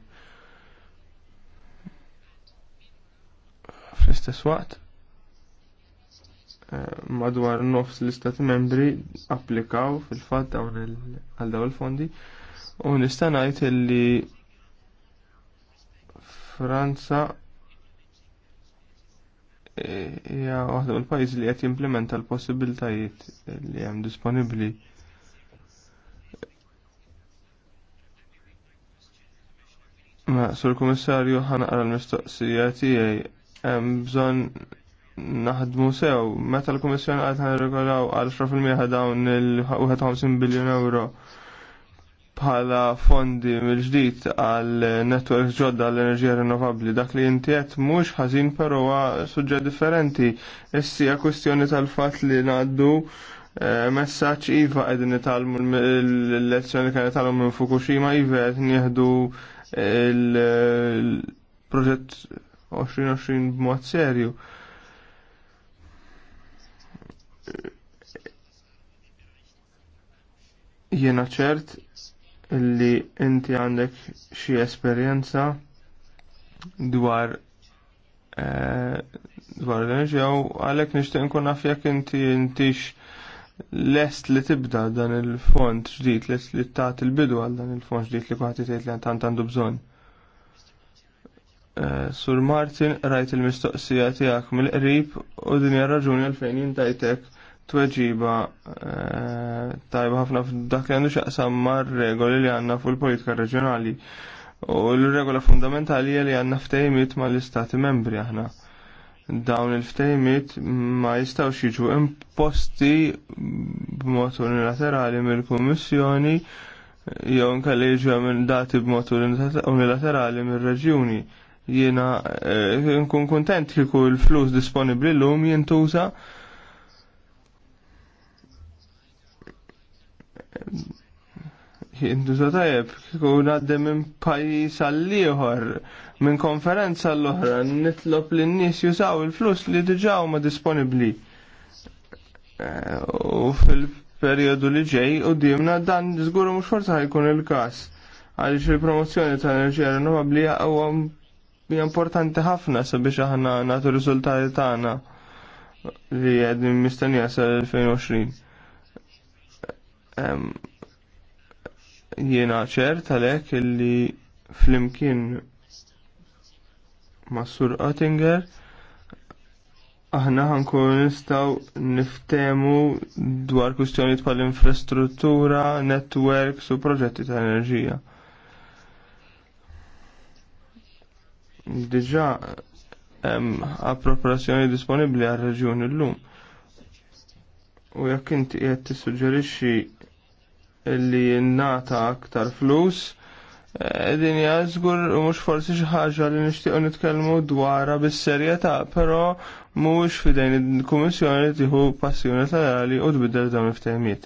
Fl-istess waqt, eh, madwar nofs l-istati membri applikaw fil-fatt għal dawn il-fondi u nista' ngħid li Franza hija waħda mill-pajjiżi li qed jimplementa l-possibiltajiet li hemm disponibbli. Ma sur kummissarju ħanaqra l-mistoqsija tiegħi hemm bżonn naħdmu sew meta l-Kummissjoni qed ħanregolaw għal 10% dawn il-51 biljun euro bħala fondi mill-ġdid għal netwerk ġodda għall enerġija rinnovabbli dak li inti qed mhux ħażin però suġġa differenti. Issi hija kwestjoni tal-fatt li ngħaddu eh, messaġġ iva qegħdin nitalmu l-lezzjoni li kien nitalmu minn Fukushima iva qed nieħdu il-proġett 2020 b'mod serju jiena ċert illi inti għandek xi esperjenza dwar eh, dwar l-enerġija u għalhekk nixtieq nkun naf jekk inti intix lest li tibda dan il-fond ġdid lest li tat il-bidu għal dan il-fond ġdid li kwaħti tgħid li tant għandu bżonn. Eh, Sur Martin rajt il-mistoqsija tiegħek mill-qrib u din hija raġuni għalfejn jintajtek tweġiba eh, tajba ħafna f'dak li għandu xaqsam mar regoli li għanna fuq il-politika reġjonali. U l-regola fundamentali li għanna ftejmit ma l-istati membri aħna. Dawn il-ftejmit ma jistawx jiġu imposti b'mod unilaterali mill-Kummissjoni jew nkalli jiġu minn dati b'mod unilaterali mill-reġjuni. Jiena eh, nkun kontent kieku l-flus disponibli l-lum jintuża Jinduża tajjeb, kiku għaddem minn pajis għall-ieħor, minn konferenza l-oħra, nitlob li n-nies jużaw il-flus li diġaw ma disponibli. Eh, u fil-periodu li ġej u dimna dan żguru mhux forsa ħajkun il-każ għaliex il-promozzjoni ta' enerġija rinnovabbli huwa importanti ħafna sabiex aħna nagħtu riżultati tagħna li għedni mistennija sa' 2020 jiena ċert għalhekk illi flimkien ma' Sur Oettinger aħna ħankun nistgħu niftemu dwar kwistjonijiet bħal infrastruttura, networks u proġetti ta' enerġija. Diġà hemm appropriazzjoni disponibbli għar reġjuni llum. U jekk inti qed tissuġġerixxi li nata aktar flus. E, din hija żgur mhux forsi xi li nixtiequ nitkellmu dwarha bis-serjetà, però mhuwiex f'idejn il-Kummissjoni tieħu passi unilaterali u tbiddel dawn il-ftehmiet.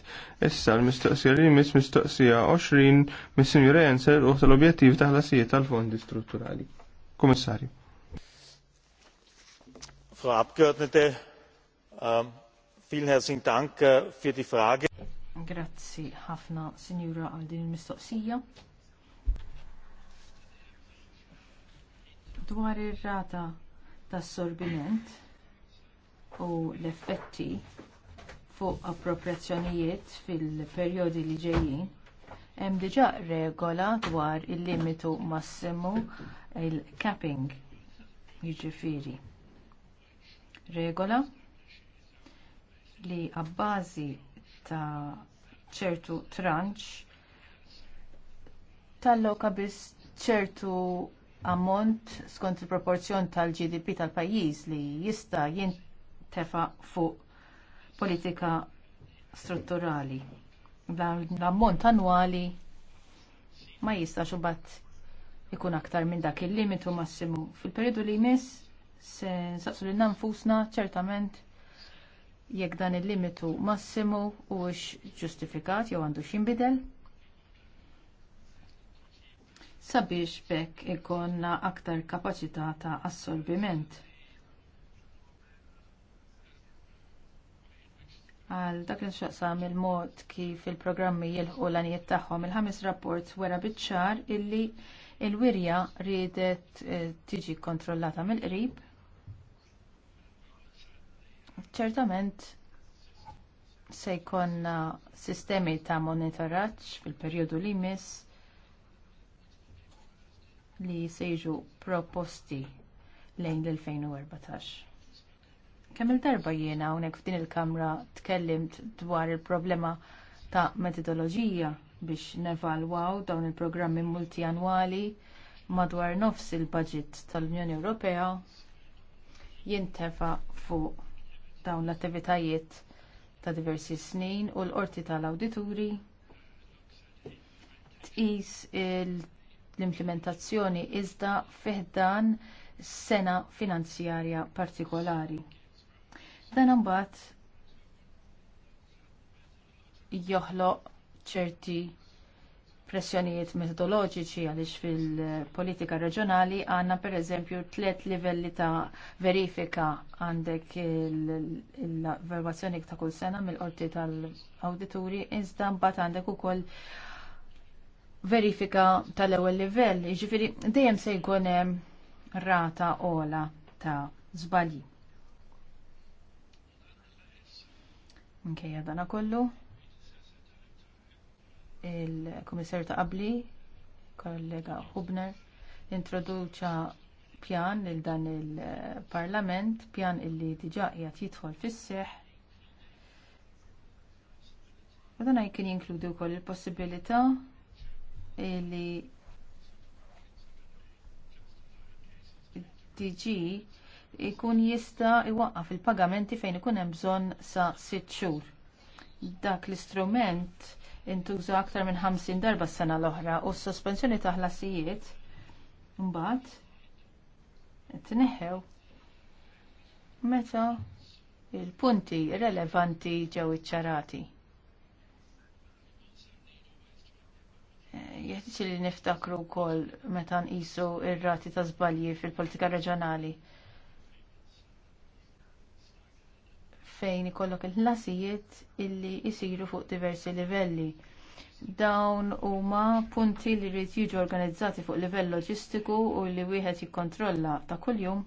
Issa l-mistoqsija li jmiss mistoqsija 20 mis-Sinjur Enser u tal-objettiv ta' tal-fondi strutturali. Frau Abgeordnete, ähm, vielen herzlichen Dank äh, für die Frage. Grazzi ħafna, Sinjura, għal din il-mistoqsija. Dwar ir-rata tas sorbiment u l-effetti fuq appropriazzjonijiet fil-perjodi li ġejjin, hemm diġà regola dwar il-limitu massimu il-capping jiġifieri. Regola li għabbażi ta' ċertu tranċ talloka biss ċertu ammont skont il-proporzjon tal-GDP tal-pajjiż li jista' jintefa' fuq politika strutturali. l-ammont annwali ma jistax imbagħad ikun aktar minn dak il-limitu massimu. Fil-periodu li jmiss se saqsu li nfusna ċertament jekk dan il-limitu massimu huwiex ġustifikat jew għandu xinbidel. Sabiex bekk ikonna aktar kapaċità ta' assorbiment. Għal dak li xaqsam il-mod kif il-programmi jilħu l-għanijiet tagħhom il-ħames rapport wera biċ-ċar illi il-wirja ridet eh, tiġi kontrollata mill-qrib ċertament se jkollna sistemi ta' monitoraġġ fil-perjodu li jmiss li se jiġu proposti lejn l-2014. Kemm il-darba jiena hawnhekk f'din il-kamra tkellimt dwar il-problema ta' metodoloġija biex nevalwaw dawn il-programmi multianwali madwar nofs il-budget tal-Unjoni Ewropea jintefa' fuq dawn l-attivitajiet ta' diversi snin u l-qorti tal-awdituri tqis l-implementazzjoni iżda fiħdan sena finanzjarja partikolari. Dan imbagħad joħloq ċerti pressjonijiet metodoloġiċi għaliex fil-politika reġjonali għandna pereżempju tliet livelli ta' verifika għandek l verbazzjoni ta' kull sena mill-qorti tal-awdituri iżda mbagħad għandek ukoll verifika tal-ewwel livell, jiġifieri dejjem se jkun hemm rata ola ta' żbalji. Minkejja dana kollu, il komissar ta' qabli, kollega Hubner, introduċa pjan lil dan il-Parlament, pjan illi diġa qiegħed jidħol fis-seħ Madonna jkien jinkludi wkoll il-possibilità li DG ikun jista iwaqqaf il-pagamenti fejn ikun hemm bżonn sa sitt xhur. Dak l-istrument intużu aktar minn 50 darba s-sena l-oħra u s-sospensjoni ta' ħlasijiet mbagħad tneħħew meta il-punti relevanti ġew iċċarati. Eh, jeħtieġ li niftakru wkoll meta nqisu r-rati ta' żbalji fil-politika reġjonali fejn ikollok il-ħlasijiet illi jisiru fuq diversi livelli. Dawn huma punti li rrid jiġu organizzati fuq livell loġistiku u li wieħed jikkontrolla ta' kuljum.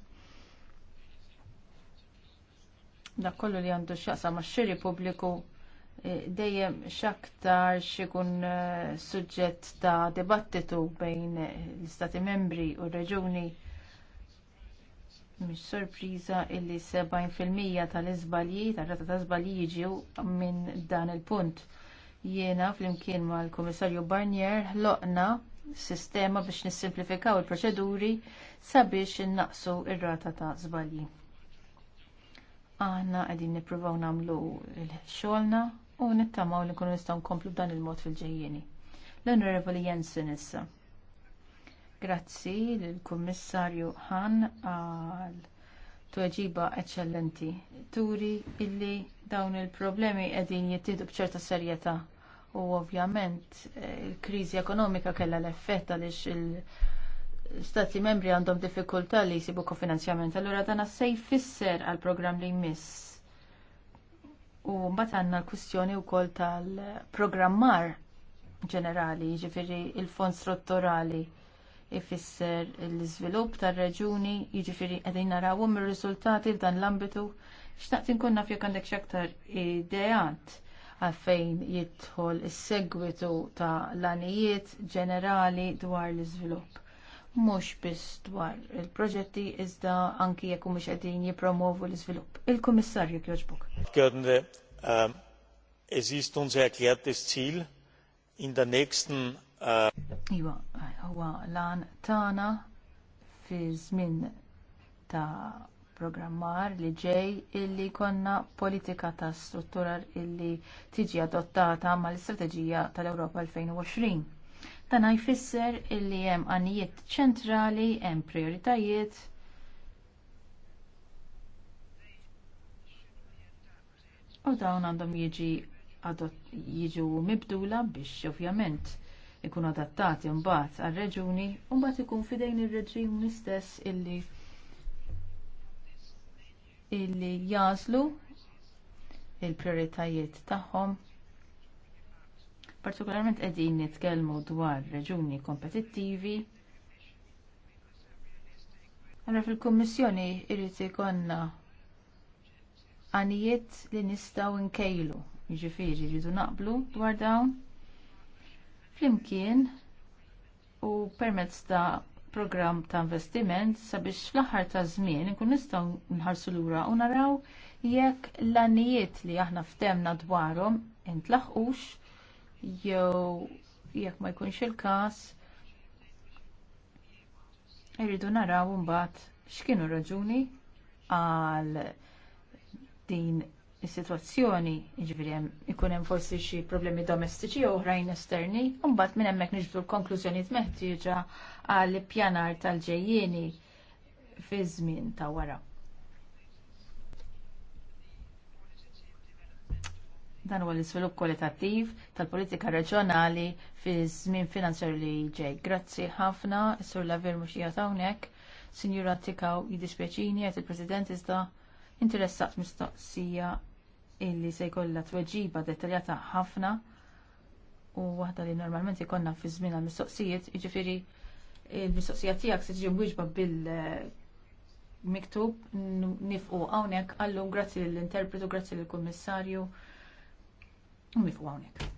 Dak kollu li għandu x'jaqsa max-xiri pubbliku eh, dejjem x'aktar x'ikun eh, suġġett ta' dibattitu bejn eh, l-Istati membri u r-reġuni Mhix sorpriża illi 70% tal-iżbalji, tar-rata ta' iżbalji jiġu minn dan il-punt. Jiena flimkien mal-Kummissarju Barnier ħloqna sistema biex nissimplifikaw il-proċeduri sabiex innaqsu r rata ta' żbalji. Aħna qegħdin nippruvaw nagħmlu l-xogħolna u nittamaw li nkunu nistgħu nkomplu b'dan il-mod fil-ġejjieni. L-Onorevoli Jensen issa. Grazzi lill-Kummissarju Han għal tweġiba eċċellenti. Turi illi dawn il-problemi qegħdin jittieħdu bċerta serjetà u ovvjament eh, il-kriżi ekonomika kellha l-effett għaliex il-Stati membri għandhom diffikultà li jsibu kofinanzjament. Allura dan se jfisser għal programm li jmiss. U mbagħad għandna l-kwistjoni wkoll tal-programmar ġenerali, jiġifieri il-fond strutturali ifisser l-iżvilupp tar-reġuni, jiġifieri qegħdin narawhom ir-riżultati f'dan l-ambitu. Xtaqt inkun naf jekk għandek x'aktar ideat għalfejn jidħol is-segwitu ta' l-anijiet ġenerali dwar l-iżvilupp. Mhux biss dwar il-proġetti iżda anki jekk mhux qegħdin jippromovu l-iżvilupp. Il-Kummissarju jogħġbok. Um, es ist unser erklärtes Ziel, in the next äh, Iva, huwa lan tagħna fi żmien ta' programmar li ġej illi jkollna politika ta' struttura illi tiġi adottata mal istrateġija tal-Europa 2020. Tana jfisser illi hemm għanijiet ċentrali, hemm prioritajiet, u dawn għandhom jiġu mibdula biex ovvjament ikun adattati mbagħad għal reġuni u mbagħad ikun fidejn ir reġim mistess illi illi jazlu il-prioritajiet tagħhom partikolarment qegħdin nitkellmu dwar reġuni kompetittivi għanra fil-Kommissjoni irrit ikonna għanijiet li nistaw nkejlu, ġifiri rridu naqblu dwar dawn flimkien u permezz ta' programm ta' investiment sabiex fl-aħħar ta' żmien inkun nistgħu nħarsu lura u naraw jekk l-annijiet li aħna ftemna dwarhom intlaħqux jew jekk ma jkunx il-każ irridu naraw mbagħad x'kienu raġuni għal din is-sitwazzjoni, jiġifieri hemm ikun hemm forsi xi problemi domestiċi u oħrajn esterni, u mbagħad minn hemmhekk niġbdu l-konklużjonijiet meħtieġa għall ippjanar tal-ġejjieni fi żmien ta' wara. Dan huwa l-iżvilupp kwalitattiv tal-politika reġjonali fi żmien finanzjarju li ġej. Grazzi ħafna, Sur Lavir mhux qiegħed hawnhekk. Sinjura Tikaw jiddispjaċini qed il-President iżda interessat mistoqsija illi se jkollha tweġiba dettaljata ħafna u waħda li normalment ikonna fi żmien għall-mistoqsijiet, jiġifieri il-mistoqsija tiegħek se tiġi mwieġba bil-miktub nifqu hawnhekk allum grazzi lill-interpretu, grazzi lill-kummissarju u nifqu hawnhekk.